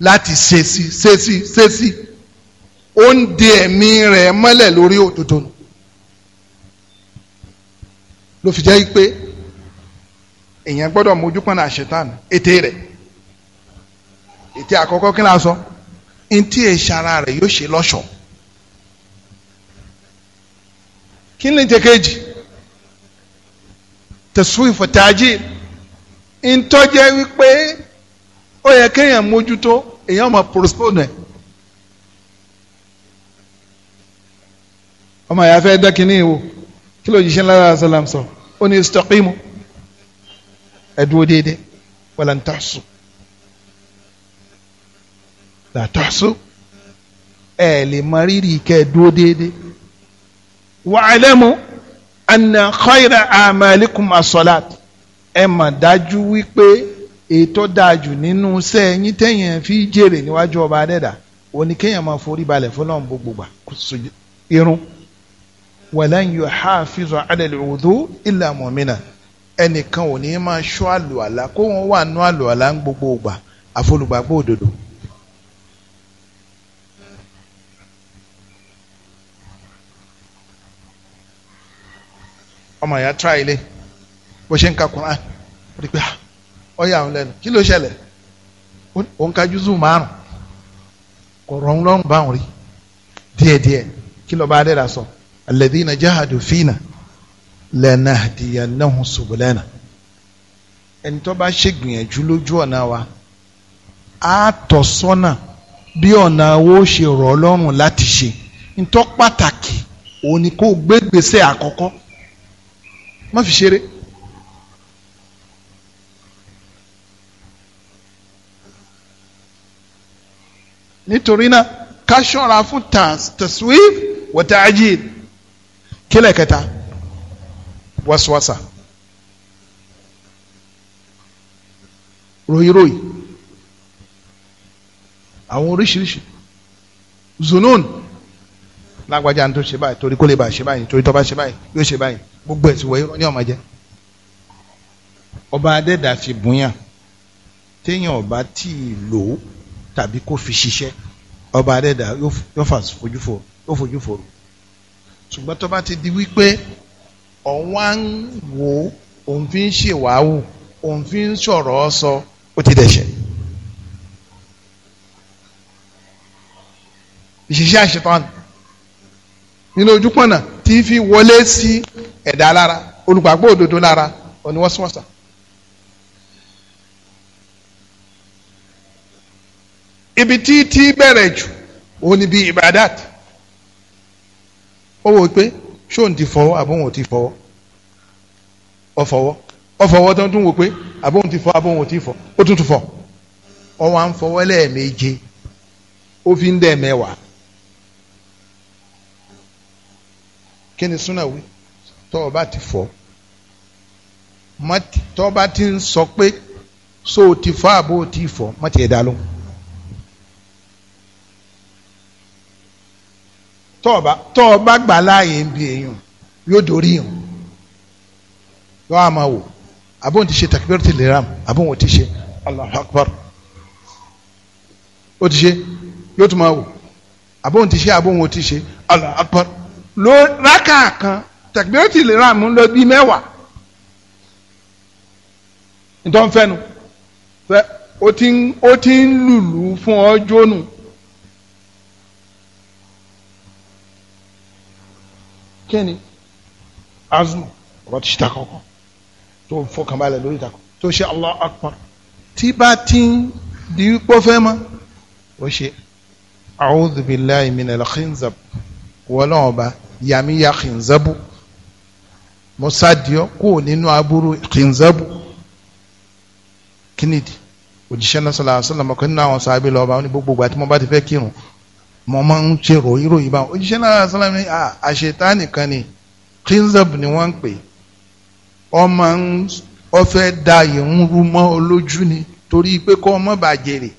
láti ṣe sí ṣe sí ṣe sí ó ń de ẹ̀mí rẹ̀ mọ́lẹ̀ lórí òdodo nù ló fi jẹ́ pé èèyàn gbọ́dọ̀ mójú pọ́nà àṣetán ète rẹ̀ ète àkọ́kọ́ kí n lásọ ntí èsàrà rẹ̀ yóò ṣe lọ́ṣọ̀ọ́ kí ni tẹ tẹ̀sùn ìfọ̀tàjì ntọ́jẹ́ wípé ó yẹ kéèyàn mójútó èèyàn máa postpone ẹ̀. ọmọ ìyá fẹ́ dá kínní wo kí ló jíṣẹ́ lára sàlám sọ ó ní istaqimu ẹ̀dúró déédéé wala ń tàṣù là tàṣù ẹ̀ lè mọ rírì kẹ́ ẹ̀dúró déédéé wa'lamu anna khayra a'malikum as-salat ẹ̀ mà dájú wípé ètò dájú nínú sẹ́yìn tẹ̀yìn fi jèrè níwájú ọba adẹ́dà òní kéèyàn máa forí balẹ̀ fọlọ́n gbogbo gbà irun walan yuhafizu ala alwudu illa mu'mina ẹnìkan ò ní máa ṣọ́ àlùwàlá kó wọn wà nú àlùwàlá ń gbogbo gbà àfolùgbàgbọ́ òdodo. ọmọ ìyá tíráìlì bó ṣe ń ka Qur'an rí pé ah ọyà òun lẹ́nu kí ló ṣẹlẹ̀ òun ka jùzù márùn kò rọrùn lọ́rùn báwọn rí díẹ̀díẹ̀ kí ló bá dẹ́ra sọ alladhina jahadu fina lanahdiyannahum subulana ẹni tó bá ṣègbìyànjú lójú ọ̀nà wa á tọ́ sọ́nà bí ọ̀nà wo ṣe rọ̀ lọ́rùn láti ṣe ntọ́ pàtàkì òun ni kó gbégbèsè àkọ́kọ́ má fi ṣeré. nítorí náà ká ṣọ́ra fún taswif wa ta'jil kílẹ̀ kẹta waswasa ròyìnròyìn àwọn oríṣiríṣi zunun lágbájá tó ṣe báyìí torí kó lè bá ṣe báyìí torí tó bá ṣe báyìí yóò ṣe báyìí gbogbo ẹ̀sìn wọ̀nyí ní ọmọ jẹ́ ọba adẹ́dà fi bùnyàn téèyàn ọba tí ì lò ó tàbí kó fi ṣiṣẹ́ ọba adẹ́dà yóò fà fojú fò yóò fojú fò ṣùgbọ́n tó bá ti di wípé ọ̀wọ́n á ń wò ó òun fi ń ṣèwáwù òun fi ń sọ̀rọ̀ ọ sọ ó ti dẹ̀ṣẹ̀. ìṣiṣẹ́ àṣetán nínú ojúpọ̀nà tí fi wọlé sí ẹ̀dá lára olùgbàgbọ́ òdodo lára òníwọ́síwọ́sà. ibi tí tí bẹ̀rẹ̀ jù òun ni bí ibadat ó wò pé ṣóun ti fọwọ́ àbóhùn ti fọwọ́ ọfọwọ́ ọfọwọ́ tó ń tún wò pé àbóhùn ti fọ àbóhùn ti fọ ó tún tún fọ ọwọ́ à ń fọwọ́ lẹ́ẹ̀méje ó fi ń dẹ̀ kí ni súnà wí tọ́ bá ti fọ tọ́ bá ti ń sọ pé so ti fọ àbó ti fọ mọ́tì ẹ̀dá lóhùn. tọ́ọ̀bá tọ́ọ̀bá gbà láàyè ń bi èèyàn yóò dorí yàn yóò á máa wò àbóhùn ti ṣe takbirati liram àbóhùn ti ṣe Allahu Akbar ó ti ṣe yóò tún máa wò àbóhùn ti ṣe àbóhùn ti ṣe Allahu Akbar ló rákà kan takbirati liram ń lọ bí mẹ́wàá nítorí fẹ́nu fẹ́ ó ti ń lùlù fún ọjọ́ nù. kíni azmu ọ̀rọ̀ ti ṣìta kọ̀ọ̀kan tó fọkànbalẹ̀ lórí ìtàkùn tó ṣe allah akbar tí bá ti ń di wípé fẹ́ mọ́ ó ṣe a'udhu billahi minal khinzab wọlọ́n ọba yàmíyà khinzabu mọ́sádìọ́ kó nínú aburú khinzabu kínìdì òjíṣẹ́ náà sallallahu alaihi wasallam kan nínú àwọn sábẹ́ lọ́ba ó ní gbogbo ìgbà tí ti fẹ́ kírun mo máa ń ṣe ròyìn ròyìn báwọn òjíṣẹ́ náà sọ́lá mi àṣetá nìkan ni cleansab ni wọ́n ń pè ọ máa ń ọ fẹ́ da ìhun rú mọ́ olójú ni torí pé kọ́ ọmọ bá jèrè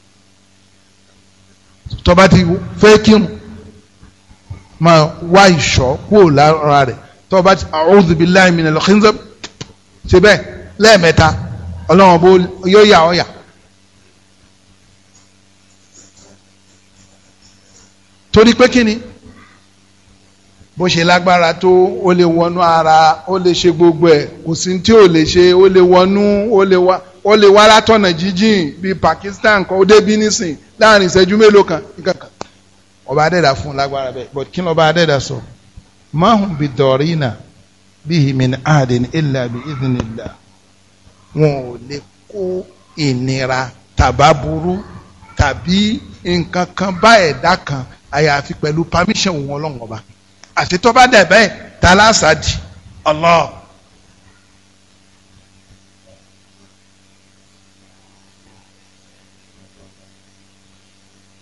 tọba ti fẹ́ kírun máa wá ìṣọ́ kúrò lára rẹ̀ tọba ti a'udhu billahi minal cleansab ṣe bẹ́ẹ̀ lẹ́ẹ̀mẹ́ta ọlọ́run bó yóò yà torí pé kí ni bó ṣe lágbára tó ó lè wọnú ara ó lè ṣe gbogbo ẹ̀ kò sí tí ò lè ṣe ó lè wọnú ó lè wá ó lè wá látọ̀nà jíjìn bíi Pakistan kan ó débi nísìn láàrin ìṣẹ́jú mélòó kan kankan ọba adẹ́dà fún lágbára bẹ́ẹ̀ but kí ni ọba adẹ́dà sọ mahun bi dọ̀rínà bíi min adin illa bi idinillah wọn ò lè kó ìnira tàbá burú tàbí nǹkan kan bá ẹ̀dá kan àyàfi pẹ̀lú permission òun ọlọ́run ọba àti tó bá dẹ̀ bẹ́ẹ̀ ta láṣà di Allah.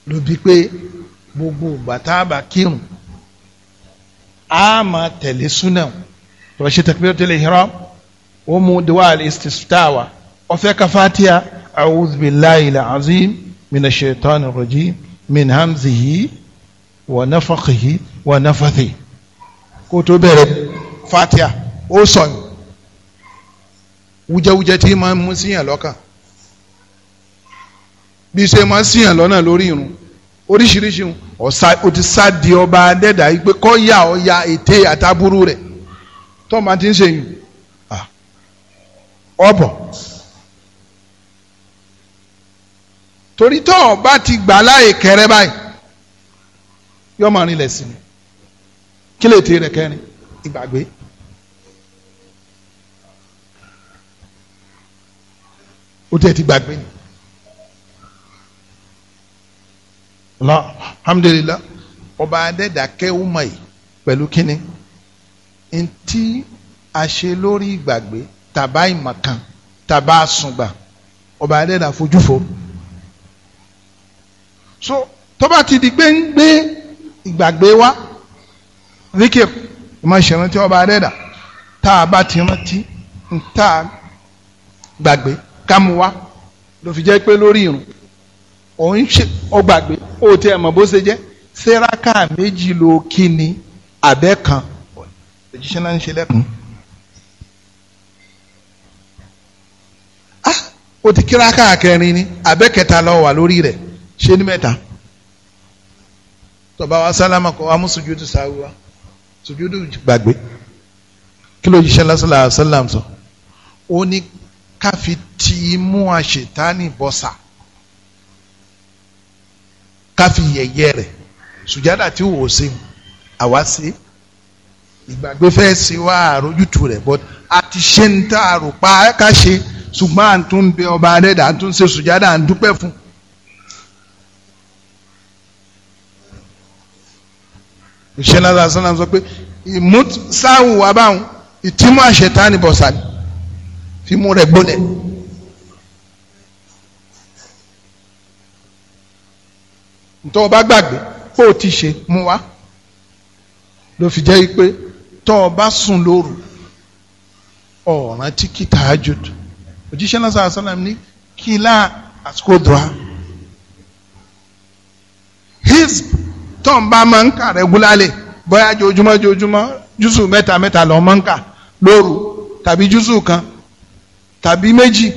ló bí pé gbogbo ìgbà tá a bá kírun a máa tẹ̀lé súnà tọ́lá ṣe takbiratul ihram ó mú diwaal istisftawa ó fẹ́ ka fatiha a'udhu billahi azim minash shaitani rajim min hamzihi wa nafakihi wa kó tó bẹ̀rẹ̀ fatia ó sọ̀yìn wújẹwújẹ tí máa ń mú síyàn lọ́kàn bí ṣe máa ń síyàn lọ́nà lórí irun oríṣiríṣi ọ̀sá o ti sá di ọba adẹ́dà yìí pé kọ́ yà ọ́ ète àtàbúrú rẹ̀ tó máa ti ń ṣe yùn ọ̀bọ̀ torí bá ti gbà láì kẹrẹ báyìí yóò máa rinlẹ̀ sí ni kí lè tẹ rẹ̀ kẹrin ìgbàgbé. ó tẹ̀ ti gbàgbé ni. lọ alhamdulilah ọba adẹ́dàkẹ́ ọmọ yìí pẹ̀lú kínní ntí a ṣe lórí ìgbàgbé tàbá ìmọ̀kan tàbá àsùngbà ọba adẹ́dà fojúfo. so tó bá ti di gbẹ́ngbẹ́ ìgbàgbé wa zikir ìmọ̀ṣẹ̀rántí ọba adẹ́dà tá a bá ti rántí tá a gbàgbé kámú wa ló fi jẹ́ pé lórí irun òun ṣe ọgbàgbé ó ti ẹ̀ mọ̀ bó ṣe jẹ́ sẹ́ráká méjì ló kí ni abẹ́ kan òjíṣẹ́ náà ń ṣe lẹ́kùn. ó ah, ti kíráká kẹrin ni abẹ́ kẹta ló wà lórí rẹ̀ ṣé ní mẹ́ta tọba wa sálámà kọ wa mú sùjúdù sáwí wa sùjúdù gbàgbé kí ló jíṣẹ́ lásìlá sálàm sọ ó ní ká fi ti imú àṣetánì bọ́sà ká fi yẹ̀yẹ́ rẹ̀ sùjádà tí wò ó sí mu àwa sí ìgbàgbé fẹ́ sí wa àròjútu rẹ̀ bọ́ àti ṣe ń tá àròpá ká ṣe ṣùgbọ́n à ń tún bẹ ọba adẹ́dà à ń tún ṣe sùjádà à ń dúpẹ́ fún un. ìṣẹ́lá lásán náà sọ pé ìmú sáwùn wà báwọn ìtìmú àṣetánì bọ̀sàlì fímú rẹ̀ gbólẹ̀. ntọ́ ọba gbàgbé pé ó ti ṣe mú wá ló fi jẹ́ pé tọ́ ọba sùn lóru ọ̀ràn tí kì tahajjud òjíṣẹ́ náà sọ̀rọ̀ sọ́nà ní kí láà àsìkò dùn á tó ń bá máa ń kà rẹ́gúlálẹ̀ bóyá jojúmọ́ jojúmọ́ júùsù mẹ́ta mẹ́ta lọ́ máa ń kà lóru tàbí júùsù kan tàbí méjì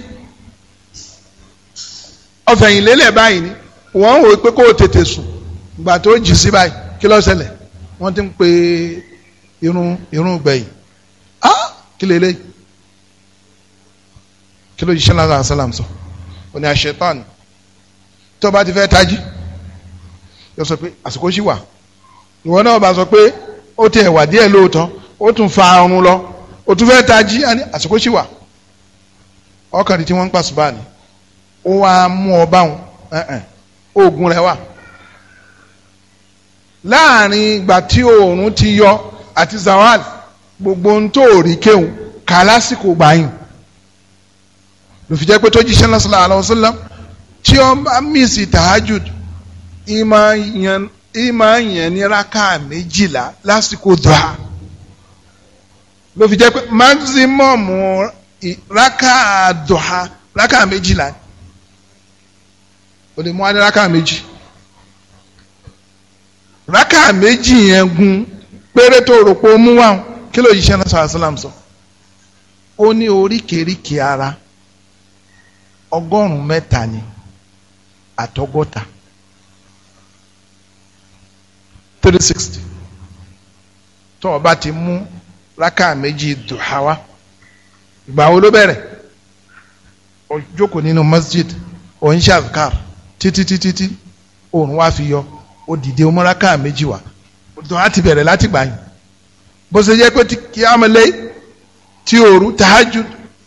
ọ̀fẹ̀yìn lélẹ̀ báyìí ni wọ́n ń wò pé kó o tètè sùn ìgbà tó jì sí báyìí kí ló ṣẹlẹ̀ wọ́n ti ń pe irun irun gbẹ̀yìn á kí lè lè kí ló yìí ṣẹlẹ̀ àṣàlàm sọ òní àṣetán tó bá ti fẹ́ tají yọ sọ pé àsìkò ṣì wà ìwọ náà bá sọ pé ó ti ẹ̀wà díẹ̀ lóòótọ́ ó tún fa ọrùn lọ ó tún fẹ́ẹ́ tají àsìkò ṣì wà ọkàn tí wọ́n ń pàṣẹ báà ni ó wá mú ọ báwọn oògùn rẹ wà láàrin ìgbà tí oòrùn ti yọ àti zawal gbogbo ohun tó rí kéwòn kà lásìkò gbàyìn lòfìjẹ́ pé tó jíṣẹ́ lọ́sọ̀lá àlọ́ sọ́lá tí ó bá mísì tahajud ìmọ̀ yẹn ní raka méjìlá lásìkò dùá ló fi jẹ́ pé maximum raka dùá raka méjìlá o lè mú wa raka méjì raka méjì yẹn gun péré tó rò pé ó mú wa kí ló yíṣẹ́ náà sọ̀rọ̀ sọ ó ní oríkèéríkèé ara ọgọ́rùn-ún mẹ́ta ni àtọ́gọ́ta. three sixty tó o bá ti mú rákà méjì duha ìgbà wo ló bẹ̀rẹ̀ o jókòó nínú masjid o ń ṣàfikàr títí títí tí oòrùn wá fi yọ o dìde o mú rákà méjì wá duha ti bẹ̀rẹ̀ láti gbà yín bó ṣe jẹ́ pé kí á mọ̀ lẹ́yìn tí òru tahajud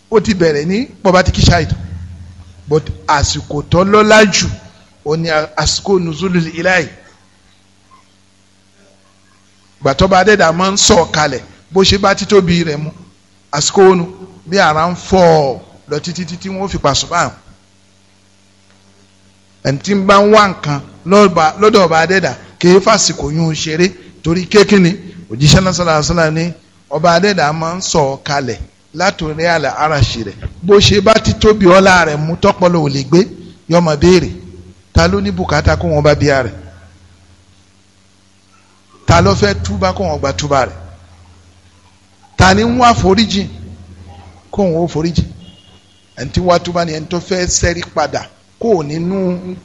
o ti bẹ̀rẹ̀ ní pọ̀bá ti kí ṣáìdù but àsìkò tó lọ́lá jù ó ní àsìkò nùzúlù ilayi gbàtọ́ba adẹ́dà máa ń sọ̀ kalẹ̀ bó ṣe bá títóbi rẹ̀ mu àsìkò ònu bí ara ń fọ́ ọ lọ títí títí wọn fi pàṣọ báyìí ẹni tí ń bá ń wá nǹkan lọ́dọ̀ ọba adẹ́dà kì í fàsìkò yún ṣeré torí kékinni òjíṣẹ́ náà sọ̀rọ̀ àṣọlá ní ọba adẹ́dà máa ń sọ̀ kalẹ̀ látòrí àlà araṣi rẹ̀ bó ṣe bá títóbi ọlá rẹ̀ mú tọ́pọ̀lọ́ ò lè gbé yọmọ béèrè ta ló ní bùkátà kó wọn bá bí a rẹ̀ ta ló fẹ́ túbá kó wọn gba túbá rẹ̀ ta ni ń wá foríjì kó wọn ó foríjì ẹni tí wá túbá ni ẹni tó fẹ́ sẹ́rí padà kó o nínú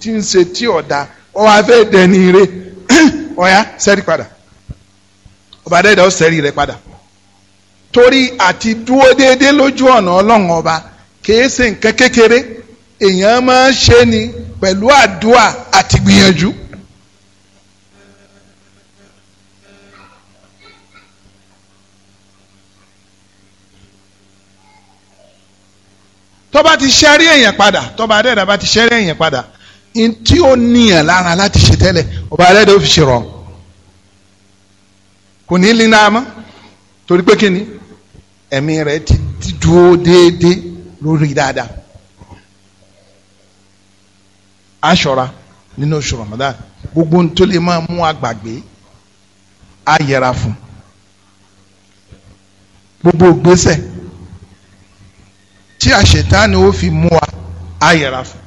tí ń ṣe tí ọ̀dà ọ wá fẹ́ dẹni ire ọ̀ya sẹ́rí padà ọba dẹ́dẹ́ ó sẹ́rí rẹ̀ padà torí àti dúró déédéé lójú ọ̀nà ọlọ́run ọba kìí ṣe nǹkan kékeré èèyàn máa ń ṣe ni pẹ̀lú àdúà àti gbìyànjú. tó bá ti ṣẹ́rí èèyàn padà tó bá adẹ́dà bá ti ṣẹ́rí èèyàn padà n tí ó níyàn lára láti ṣe tẹ́lẹ̀ ọba adẹ́dà ó fi ṣe rọrùn kò ní lína mọ́ torí pé kí ni ẹ̀mí rẹ̀ ti ti dúró déédéé lórí dáadáa aṣọra nínú oṣù Ramadan gbogbo tó lè máa mú agbàgbé á yẹra fún gbogbo gbèsè tí àṣetáni ó fi mú wa á yẹra fún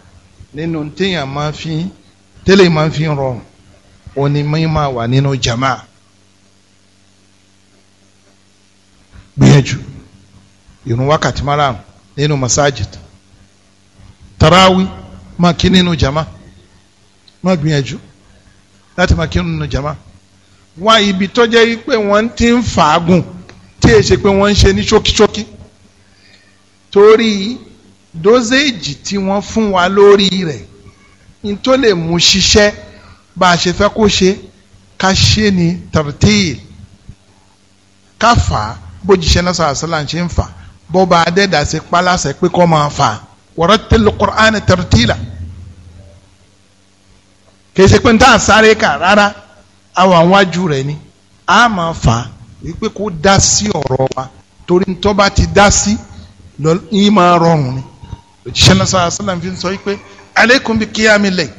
nínú téèyàn máa fi tẹ́lẹ̀ máa fi rọrùn òní mímọ́ wà nínú jama gbìyànjú ìrun wákàtí márùn nínú masajid tarawi máa kí nínú jama máa gbìyànjú láti máa kí nínú jama wá ibi tó jẹ́ pé wọ́n ti ń fàágùn tí èsì pé wọ́n ń ṣe ní ṣókíṣókí torí dosage tí wọ́n fún wa lórí rẹ̀ n tó lè mú ṣiṣẹ́ bá a ṣe fẹ́ kó ṣe ká ṣe ni tartil ká fà á bójúṣe náà sọ̀rọ̀ sọ́là ṣe ń fà bọ́ba adẹ́dà sí pálásẹ̀ pé kọ́ máa fà waratil Qur'an tartila kì í ṣe pé n tá sáré kà rárá àwọn àwájú rẹ̀ ni a máa fà wípé kó dá sí ọ̀rọ̀ wa torí n bá ti dá sí. Si, yìí máa rọrùn ni òjíṣẹ́ náà sọ́ra sọ́làm fi ń sọ pé aleikum bi kíámi lẹ̀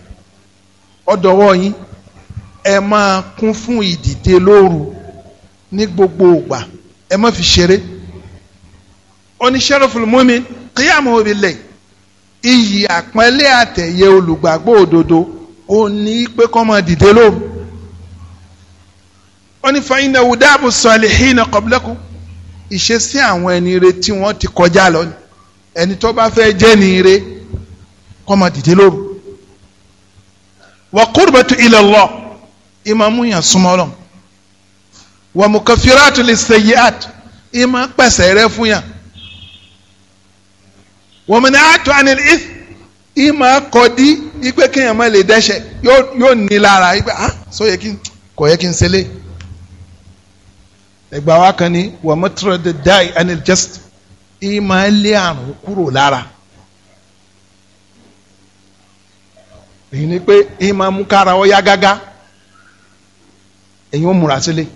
ọ̀dọ̀wọ́ yín ẹ máa kún fún ìdìde lóru ní gbogbo ìgbà ẹ má fi ṣeré oníṣẹ́rọ̀fùlù mọ́mi kíámi òbí lẹ̀ iyì àpọ́nlé àtẹ̀yẹ olùgbàgbọ́ òdodo ó ní pé kó máa dìde lóru ó ní fa iná wùdáàbù sọ̀lẹ̀ hìnà kọ̀bílẹ́kùn ìṣesí àwọn ẹni ire tí wọ́n ti kọjá lọ ẹni tó bá fẹ́ jẹ́ ni ire kó máa dìde lóru wa qurbatu ila Allah ìmàmú yàn súnmọ́ lọ wa mukaffiratu lisayyi'at ìmà pẹ̀sẹ̀ rẹ fún yàn wa man'atu anil ith ìmà kọ́dí ìpè lè dẹ́ṣẹ̀ yóò ní lára ìpè ah sọ yẹ kí kò yẹ kí n ṣẹlẹ̀ ẹgbà wa kan ní wà mọ́tòrò de dáì anil just ẹ máa lé àrùn kúrò lára èyí ni pé ẹ máa mú kára ọ yá gágá èyí ó múra sílẹ̀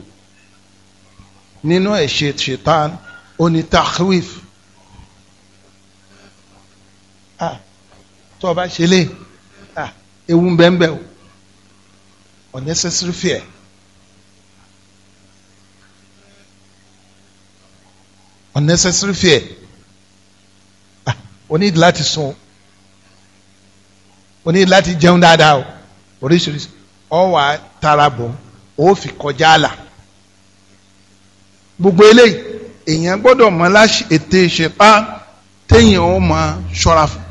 nínú ẹ̀ṣẹ̀ ṣetán oní takhwif tó o bá ṣe lé ewu ń bẹ́ẹ̀ bẹ́ẹ̀ o unnecessary fear. unnecessary fear ah o ní láti sùn o ní láti jẹun dáadáa o oríṣiríṣi ọ wà tara bọ̀ ó fi kọjá àlà gbogbo eléyìí èèyàn gbọ́dọ̀ mọ láṣẹ ète ṣe pa téèyàn ó mọ ṣọ́ra fún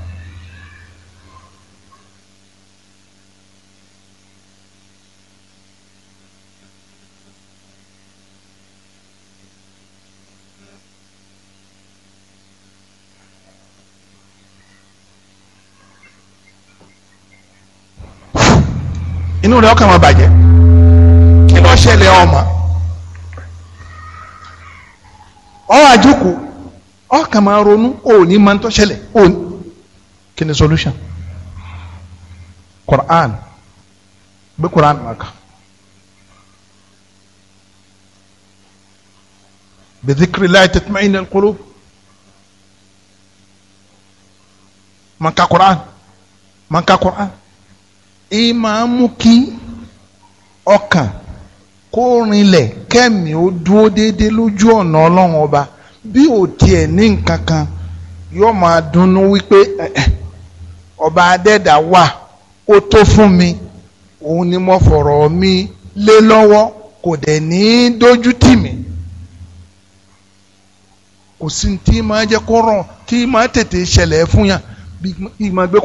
inú rẹ̀ ọkàn máa bàjẹ́ kí ló ṣẹlẹ̀ ọmọ ọ àjòkù ọkàn máa ronú òní máa ń tó ṣẹlẹ̀ òní kí ni solution Quran gbé Quran máa kà bidhikri Allahi tatma'innu al-qulub máa ka Quran máa ka Quran. ị ma ń mú kí ọkàn kó rinlẹ̀ kẹ́mi ó dúró déédéé lójú ọ̀nà ọlọ́run ọba bí ò tiẹ̀ ní nǹkan kan yóò máa dunnú wípé ọba adẹ́dà wà ó tó fún mi òun ni mo fọ̀rọ̀ mi lé lọ́wọ́ kò dẹ̀ ní í dójú tì mí kò sí tí máa jẹ́ kó rọ̀ tí máa tètè ṣẹlẹ̀ fún yàn bí gbé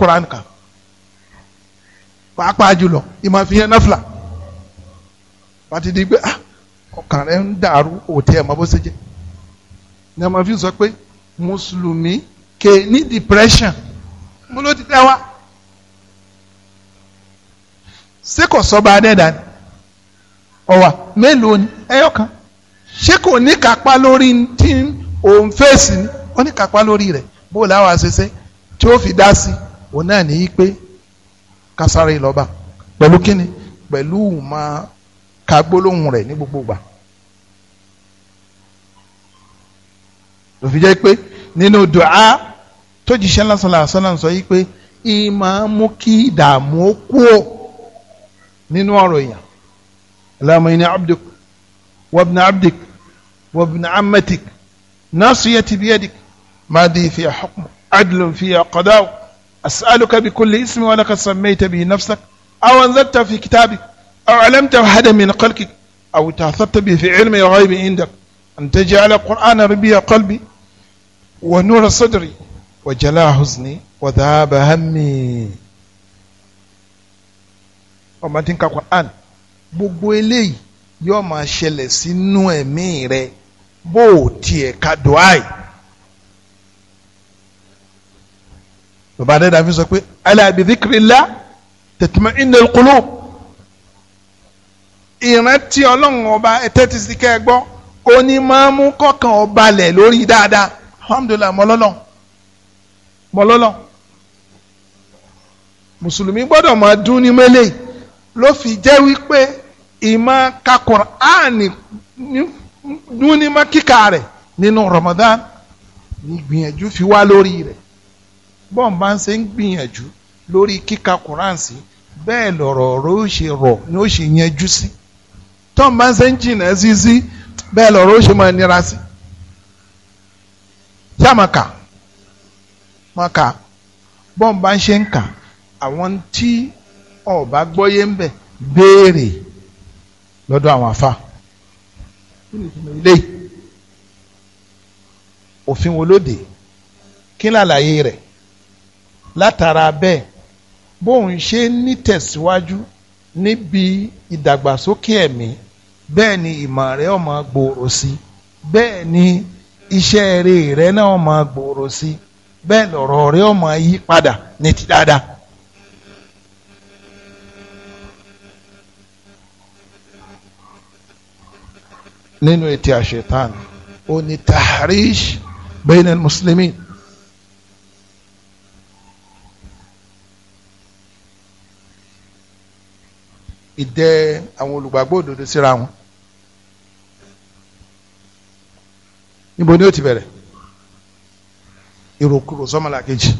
pàápàá jùlọ ìmọ̀ fi yẹn náfìlà pàtí di pé ah, ọkàn rẹ ń dàrú òtí ẹ̀ mọ́ bó ṣe jẹ́ ni a fi sọ pé mùsùlùmí kè ní depression mo ló ti tẹ́ wá ṣé kò sọba adẹ́dà ni ọ̀wà mélòó ni ẹyọ kan ṣé kò ní kápá lórí tí òun fèsì ni ó ní kápá lórí rẹ̀ bó làwọn àṣẹṣe tí ó fi dá sí òun náà ní í pé kásáré lọ́ba pẹ̀lú kíni pẹ̀lú máa ka gbólóhùn rẹ̀ ní gbogbo gbà. òfin jẹ́ pé nínú dùá tó jíṣẹ́ lásánlá àsánà sọ yí pé ìmọ̀ mú kí ìdààmú kú ò nínú ọ̀rọ̀ èèyàn. Allahumma inni abduk wabna abdik wabna amatik nasiyati biyadik madi fi hukm adlun fi qadaw. أسألك بكل اسم ولك سميت به نفسك أو أنزلت في كتابك أو علمت أحدا من خلقك أو تأثرت به في علم الغيب عندك أن تجعل القرآن ربيع قلبي ونور صدري وجلاء حزني وذهاب همي ọmọ tí ń ka Quran gbogbo eléyìí yóò máa ṣẹlẹ̀ bàbá adéda fi sọ pé ala bi dhikrillah tatma'innul qulub ìrántí ọlọ́run ọba ẹ̀tẹ́tì sí kẹ́ ẹ gbọ́ ó ní máa mú kọ́kàn ó balẹ̀ lórí dáadáa alhamdulilayi mọlọ́lọ́ mọlọ́lọ́ mùsùlùmí gbọ́dọ̀ máa dún ní mẹ́lẹ̀ ló fi jẹ́ wípé ìmọ̀ ka Kùránì dún ní mọ́ kíkà rẹ̀ nínú Ramadan ní gbìyànjú fi wá lórí rẹ̀ bọ́n bá ń ṣe ń gbìyànjú lórí kíka Quran sí bẹ́ẹ̀ lọ̀rọ̀ ọ̀rọ̀ ó ṣe rọ̀ ni ó ṣe yanjú sí tọ́n bá ń ṣe ń jìnà sí sí bẹ́ẹ̀ lọ̀rọ̀ ó ṣe máa nira sí. sàmàkà màkà bọ́n bá ń ṣe ń kà àwọn tí ọba gbọ́yé ń bẹ̀ béèrè lọ́dọ̀ àwọn afa òfin wo lóde kí ni àlàyé rẹ̀ látara bẹ́ẹ̀ bóun ṣe ní tẹ̀síwájú níbi ìdàgbàsókè ẹ̀mí bẹ́ẹ̀ ni ìmọ̀ rẹ̀ ó máa gbòòrò sí bẹ́ẹ̀ ni iṣẹ́ eré rẹ̀ náà ó máa gbòòrò sí bẹ́ẹ̀ lọ̀rọ̀ rẹ̀ ó yí padà ní ti dáadáa. nínú ètò àṣetán ó ní tahrish bayna al-muslimin. ìdẹ àwọn olùgbàgbọ́ òdodo síra wọn níbo ni ó ti bẹ̀rẹ̀ ìròkúrò sọ́mọlá kejì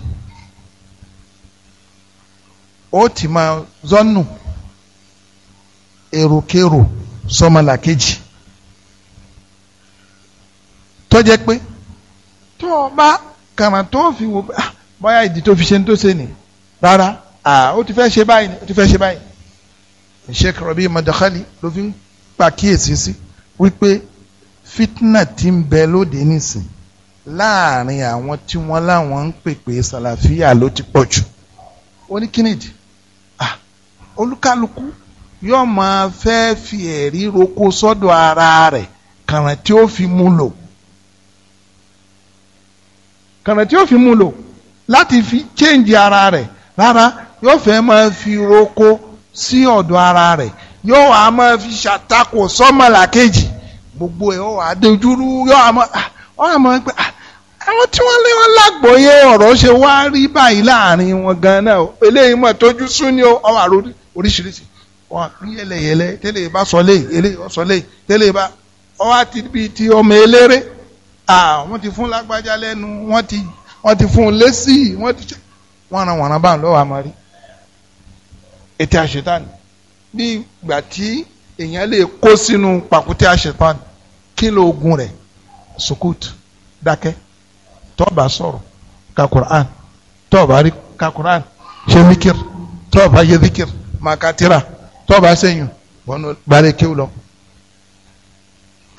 ó ti máa zọ́nù èròkérò sọ́mọlá kejì tó jẹ́ pé tó o bá kàrà tó fi wò ah, báyà ìdí tó fi ṣe ń tó ṣe nì rárá ó ti fẹ́ ṣe báyìí ó ti fẹ́ ṣe báyìí. Sheikh Rabi Madakhali ló fi ń pàkíyèsí sí wípé fitna ti ń bẹ lóde nísìn láàrin àwọn tí wọ́n láwọn ń pèpè sàlàfíà ló ti pọ̀ jù ó ah olúkálukú yóò máa fẹ́ fi ẹ̀rí roko sọ́dọ̀ ara rẹ̀ kàràn tí ó fi mú lò kàràn tí ó fi mú lò láti fi change ara rẹ̀ rárá yóò fẹ́ máa fi roko sí ọ̀dọ̀ ara rẹ̀ yóò wá máa fi ṣàtakò sọ́mọ̀là kejì gbogbo ẹ̀ ó wà á dojúrú yóò wá máa ó wà máa pé àwọn tí wọ́n lé wọn lágbóyè ọ̀rọ̀ ṣe wá rí báyìí láàrin wọn gan náà eléyìí mọ̀ tójú sún ní ọwà oríṣiríṣi wọn rí yẹlẹyẹlẹ tẹ́lẹ̀ bá sọ léyìí eléyìí ọ̀sọ̀ léyìí tẹ́lẹ̀ bá ọwọ́ àti bíi ti ọmọ eléré wọ́n ti fún lágbájá lẹ́nu wọ́n ti fún lẹ́sì wọ́n ti wọ́n ran wọ̀nà báwọn lọ́wọ́ àmọ́ rí ètè àṣetán bí ìgbà tí èèyàn lè kó sínú pàkúté àṣetán kí ló ogun rẹ̀ sukut dákẹ́ tó bá sọ̀rọ̀ ka Qur'an tó bá rí ka Qur'an ṣe mikir makatira tó bá sẹ́yìn wọnú balẹ̀ kí ó lọ.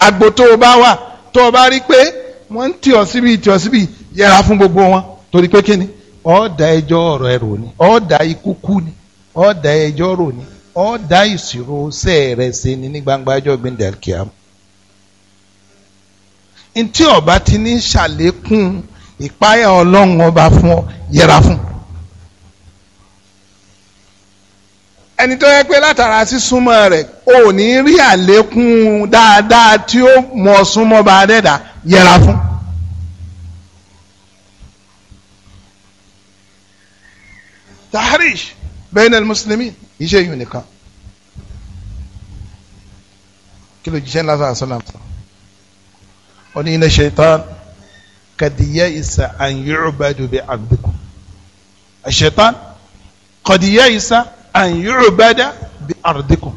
agbo tó o bá wà tó o bá rí pé wọ́n ń tì ọ́ síbi tì ọ́ síbi yẹra fún gbogbo wọn torí pé kí ọ̀ọ́dà ẹjọ́ ọ̀rọ̀ ẹ̀rọ ni ọ̀ọ́dà ikú kú ni ọ̀dà ẹjọ́ rò ní ọ̀dà ìṣirò sẹ́ẹ̀rẹ̀ ṣe ni ní gbangba ẹjọ́ gbẹ̀ndẹ̀kìá. ntí ọba ti ní ṣàlékún ìpáyà ọlọ́run ọba fún ọ yẹra fún. ẹni tó yẹ pé látara sísúnmọ́ rẹ̀ ò ní rí àlékún dáadáa tí ó mọ̀ súnmọ́ bá dẹ́dà yẹra fún. bainal muslimin iṣẹ́ yìí nìkan kí ló jíṣẹ́ ńlá sàn sọ́nà sàn ó ní inna shaitan qad ya'isa an yu'badu bi'abdikum ash-shaitan qad ya'isa an yu'bada bi'ardikum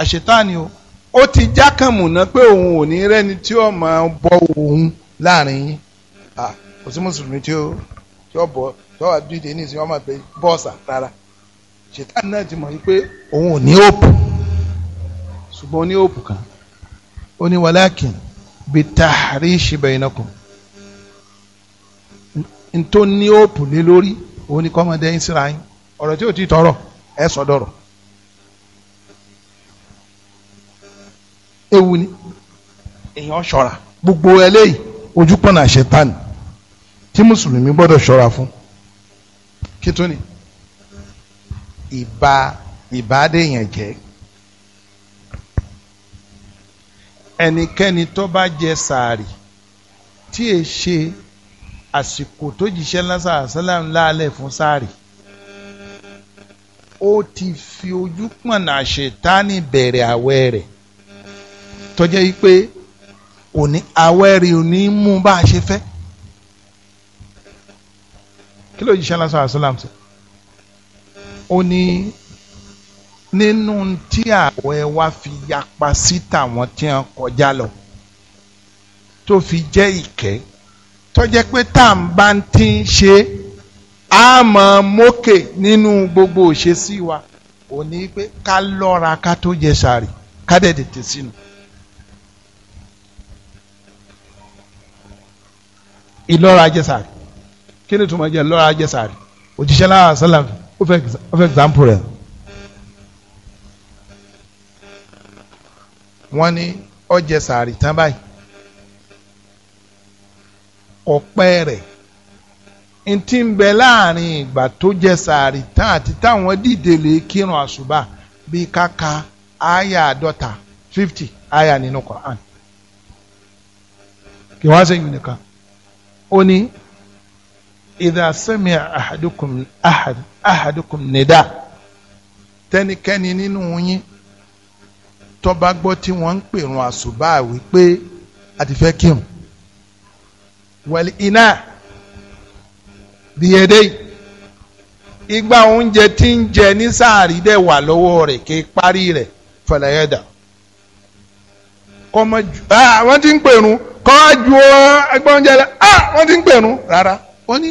ash-shaitan ni o ó ti jákàmùná pé òun ò ní rẹ́ni tí ó máa bọ òun láàrin yín kò sí mùsùlùmí tí ó bọ̀ tí ó wà bíi dèní sí wọn máa pe bọ́ọ̀sà rárá. ṣètàn náà ti mọ̀ wípé òun ò ní òpù ṣùgbọ́n ó ní òpù kan ó ní walakin bitahrish bainakum ní òpù lé lórí òun ni kọ́mọdé ń síra yín ọ̀rọ̀ tí ò ti tọrọ ẹ sọ gbogbo eléyìí ojú pọ̀nà tí mùsùlùmí gbọ́dọ̀ fún kí tó ìbá ìbádéyàn jẹ́ ẹnikẹ́ni tó bá jẹ sàárì tí è ṣe àsìkò tó jíṣẹ́ lásàásálàm láàlẹ̀ fún sàárì ó ti fi ojú pọ̀nà àṣetánì bẹ̀rẹ̀ àwẹ̀ rẹ̀ tó jẹ́ wípé òní àwẹ̀ rí òní mú bá a ṣe fẹ́ kí ló jíṣẹ́ lásàásálàm sọ ó ní nínú tí ààwẹ̀ wa fi yapa sí tàwọn tí wọ́n kọjá lọ tó fi jẹ́ ìkẹ́ tó jẹ́ pé tá à ń bá ti ń ṣe á mọ̀ mókè nínú gbogbo òṣèṣì wa ò ní pé ká lọ́ra ká tó jẹ sàrì ká dẹ̀ tètè sínú. ìlọ́ra jẹ sàrì kí ni túmọ̀ jẹ lọ́ra jẹ sàrì òjíṣẹ́ lára ó fẹ́ example rẹ̀ wọ́n ní ọjẹ́ sàárì tán báyìí ọ̀pẹ́ rẹ̀ ntí ń bẹ láàrin ìgbà tó jẹ sàárì tán àti táwọn dìde lè kírun àṣùbà bíi káka àyà àdọ́ta fifty àyà nínú Quran kí wọ́n á sẹ́yìn nìkan ó ní idha sami'a ahadukum ahad ahadukum nida tẹnikẹ́ni nínú yín tó bá gbọ́ tí wọ́n ń pèrún àṣùbà wípé a ti fẹ́ kírun wal iná biyede ìgbà oúnjẹ tí ń jẹ ní sáàrí dẹ̀ wà lọ́wọ́ rẹ̀ kí parí rẹ̀ fẹlẹ́yẹ̀dà kọ́mọ ju ah, wọ́n ti ń pèrún kọ́ ju ẹgbẹ́ oúnjẹ lẹ́ ah, wọ́n ti ń pèrún rárá ó ní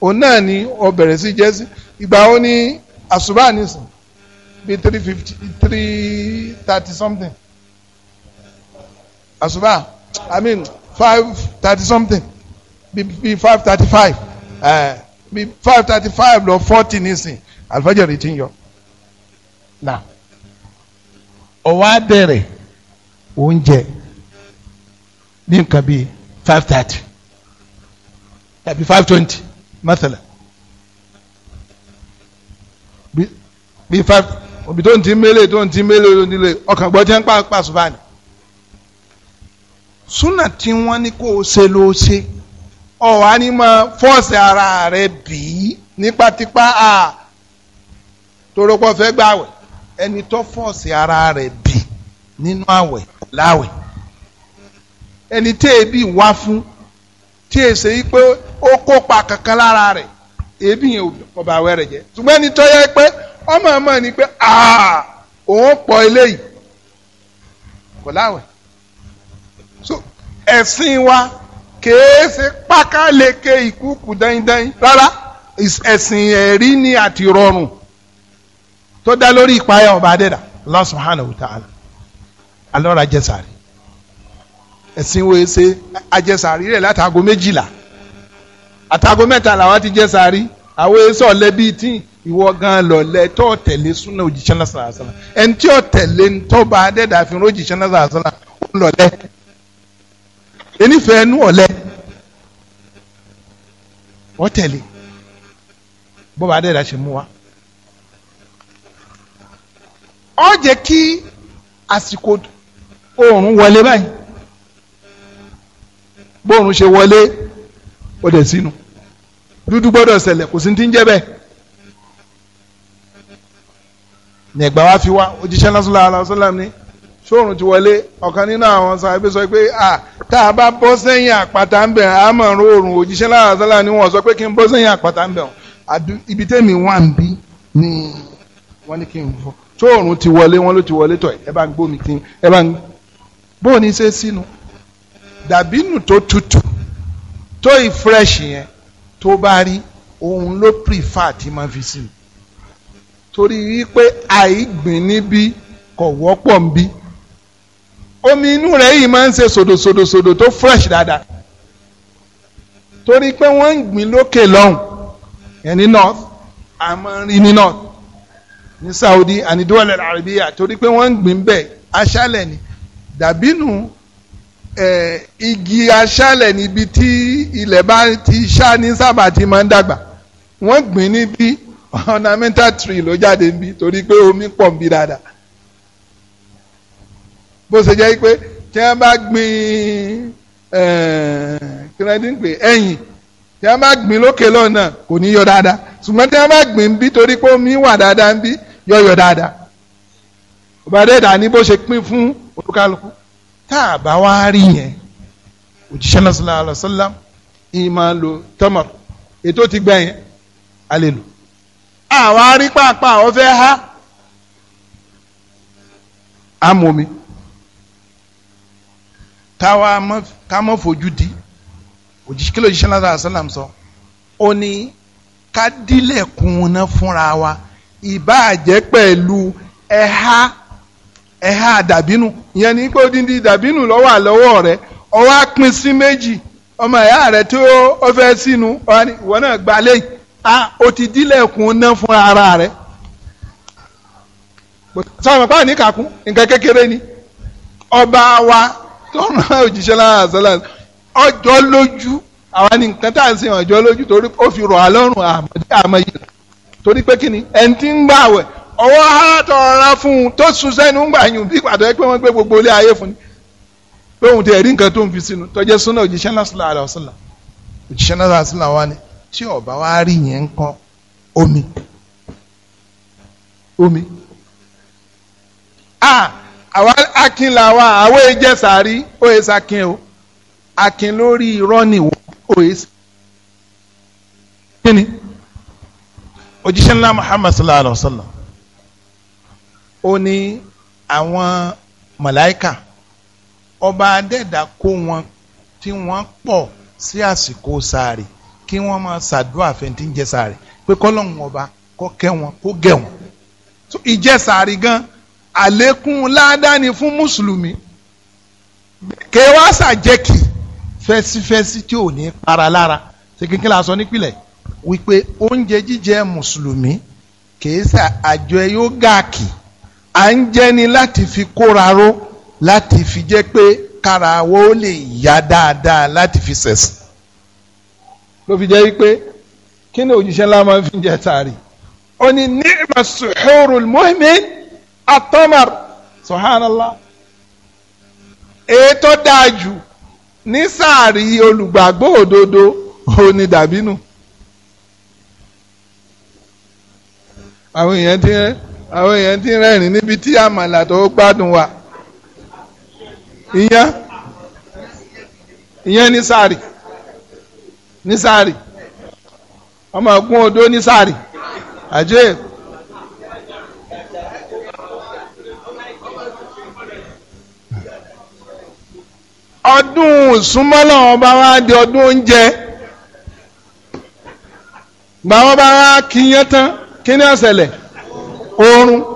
òun náà ni ó bẹ̀rẹ̀ sí jẹ́ ìgbà ó ní àṣùbà nìsín bí three fifty three thirty something àṣùbà i mean five thirty something bí five thirty five bí five thirty eh, five lọ forty nìsín alifajari ti ń yọ. Nah ọwọ́ á bẹ̀rẹ̀ oúnjẹ ní nǹkan bíi five thirty tàbí five twenty mẹ́tẹ̀lẹ̀ bíi five òbí tó ń ti mélé tó ń ti mélé tó ń ti lè ọkàn gbọ́ tí wọ́n ń pa pàṣẹ fáàní. súnà tí wọ́n ní kó o ṣe ló ṣe ọ̀wá ni máa fọ́ọ̀sì ara rẹ̀ bì í nípatipa à torópọ̀ fẹ́ gbàwẹ̀ ẹni tó fọ́ọ̀sì ara rẹ̀ bì nínú àwẹ̀ láwẹ̀ ẹni tẹ́ ẹ bí wá fún tí è ṣe pé ó kópa kankan lára rẹ̀ èébì yẹn ọba àwẹ̀ rẹ̀ jẹ́ ṣùgbọ́n ẹni tó yẹ pé ọmọ ọmọ ni pé òun pọ̀ eléyìí kò láwẹ̀ so ẹ̀sìn wa kèé ṣe pákáleke ìkúkù dáindáin rárá ẹ̀sìn ẹ̀rí ni àti rọrùn tó dá lórí ìpayà ọba adẹ́dà Allah subhanahu wa ta'ala alọ́ra jẹ́sàrí ẹ̀sìn wo ṣe ajẹsàárì rẹ̀ látago méjìlá àtago mẹ́ta làwọn ti jẹsàárì àwọn èso ọ̀lẹ́ bíi tí ìwọ gan lọ̀lẹ́ tó tẹ̀lé súnà òjìṣẹ́ náà sàrà sàrà ẹni tí ó tẹ̀lé ntọ́ba adẹ́dàfin òjìṣẹ́ náà sàrà sàrà ó lọ̀lẹ́ enífẹ̀ẹ́ nú ọ̀lẹ́ ó tẹ̀lé bọ́ba adẹ́dà ṣe mú wa. ó jẹ́ kí àsìkò oòrùn wọlé báyìí bóòrùn ṣe wọlé ó dẹ̀ sínú dúdú gbọ́dọ̀ ṣẹlẹ̀ kò sí ti ń jẹ́ bẹ́ẹ̀. nìgbà wá fi wá òjíṣẹ́ lásìlá aláṣọ́lá ni sóòrùn ti wọlé ọ̀kan nínú àwọn sàbẹ̀ sọ pé à tá a bá bọ́ sẹ́yìn àpáta ń bẹ̀ á mọ̀ ń rọrùn òjíṣẹ́ lásìlá ni wọ́n sọ pé kí n bọ́ sẹ́yìn àpáta ń bẹ̀ ibi tẹ́mi wà ń bí ni wọ́n ní kí n fọ́ sóòrùn ti wọlé wọ́n ló ti wọlé tọ̀ ẹ bá ń gbómi tí ẹ bá ń bóun ṣe sínú dàbínù tó tutù tó fresh yẹn tó bá rí òun ló prefer tí máa fi sí i torí wípé àìgbìn níbí kò wọ́pọ̀ ń bí omi inú rẹ̀ yìí máa ń ṣe sòdòsòdòsòdò tó fresh dáadáa torí pé wọ́n ń gbìn lókè lọ́hùn yẹn ní north a máa ń rí ní north ní Saudi àní Duwal Arabiya torí pé wọ́n ń gbìn bẹ́ẹ̀ aṣálẹ̀ ni dàbínú igi aṣálẹ̀ níbi tí ilẹ̀ bá ti ṣá ní sábà tí máa ń dàgbà wọ́n gbìn níbi ornamental tree ló jáde níbi torí pé omi pọ̀ níbi dáadáa bó ṣe jẹ́ pé tí wọ́n bá gbìn kìrẹ́dínpé ẹ̀yìn tí wọ́n bá gbìn lókè lọ́nà kò ní yọ dáadáa ṣùgbọ́n tí wọ́n bá gbìn níbi torí pé omi wà dáadáa níbi yọ yọ dáadáa ọba dẹ́ẹ̀dá ní bó ṣe pín fún olúkálùkù tá a bá wá rí yẹn òjíṣẹ́ náà sallallahu alaihi wasallam ìyìn máa lo tọ́mọ̀ ètò ti gbẹ yẹn a lè lò àwa rí pàápàá ọ̀fẹ́ ha amòmí táwa ká mọ̀ fojú di òjíṣẹ́ kí ló jíṣẹ́ náà sallallahu alaihi sọ ó ní ká dílẹ̀kùn náà fúnra wa ìbáà jẹ́ pẹ̀lú ẹ̀há ẹ̀ha dàbínú ìyẹn ní pé odindi dàbínú lọ́wọ́ àlọ́wọ́ rẹ ọwọ́ á pín sí méjì ọmọ ẹ̀yà rẹ tó o fẹ́ sínú ìwọ náà gba lẹ́yìn a o ti dílẹ̀kùn ná fún ara rẹ. sọ̀rọ̀ pàrọ̀ ní kàkún nǹkan kékeré ni ọba wa tó ràn òjíṣẹ́ lára àṣọlá ọjọ́ lójú àwa ni nǹkan tá à ń sìn ọjọ́ lójú torí ó fi rọ̀ á àmọ́ yìí torí pé kí ni ẹni tí ń gbà wẹ̀ ọwọ́ àtọ̀ọ̀ra fún un tó sùn sẹ́nu ń gbàyàn bí pàtó ẹ pé wọ́n gbé gbogbo ilé ayé fún ni pé òun ti ẹ̀rí nǹkan tó ń fi sínú tọ́jẹ́ súnà òjíṣẹ́ náà sílá àlọ́ sílá òjíṣẹ́ náà sílá sílá wa ni tí ọba wa rí yẹn ń kọ́ omi omi a ah, àwa akin là wa àwọ̀ ẹ̀jẹ̀ sàárì ó sakin o akin lórí irọ́ nìwọ ó yẹ sakin. kí ni òjíṣẹ́ ńlá Muhammad sallallahu alaihi wa ó ní àwọn màláíkà ọba adẹ́dà kó wọn tí wọ́n pọ̀ sí àsìkò sàárè kí wọ́n máa ṣàdúrà fẹ́ntì ń jẹ sàárè pé kọ́lọ́hún ọba kọ́ kẹ́ wọn kó gẹ̀ wọn. ìjẹ sàárè gan àlékún ládàáni fún mùsùlùmí kéwàá sàjẹ́kì fẹ́sífẹ́sí tí ò ní para lára ṣe kíkí la sọ nípìnlẹ̀ wípé oúnjẹ jíjẹ mùsùlùmí kèé sà àjọ yóò gáàkì à ń jẹ́ni láti fi kóra ró láti fi jẹ́ pé kára wo ó lè yá dáadáa láti fi sẹ̀sìn. ló fi jẹ́ wípé kí ni òjíṣẹ́ ńlá máa fi ń jẹ tààrí. ó ní ni'ma suhurul mu'min atamar subhanallah. ètò dájú ní sáàrí olùgbàgbọ́ òdodo ó ní dàbínù. àwọn èèyàn ti rẹ́ àwọn èèyàn ti rẹ́rìn níbi tí àmàlà tó gbádùn wà ìyẹn ìyẹn ní sáàrì ní sáàrì ọmọ ẹ̀gbọ́n odó ní sáàrì àjẹ́ ọdún wọn bá wá di ọdún oúnjẹ wọn bá wa kíyàn tán kí ni ó oorun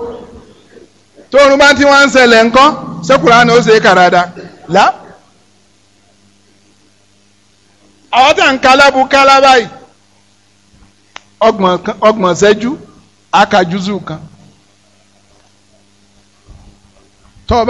tóorun bá ti wá ń ṣẹlẹ̀ ńkọ́ ṣé Kùránì ó ṣe é kà dáadáa àwọn tá à kalábu kálábà yìí ọgbọ̀n ṣẹ́jú akajuzu kan tó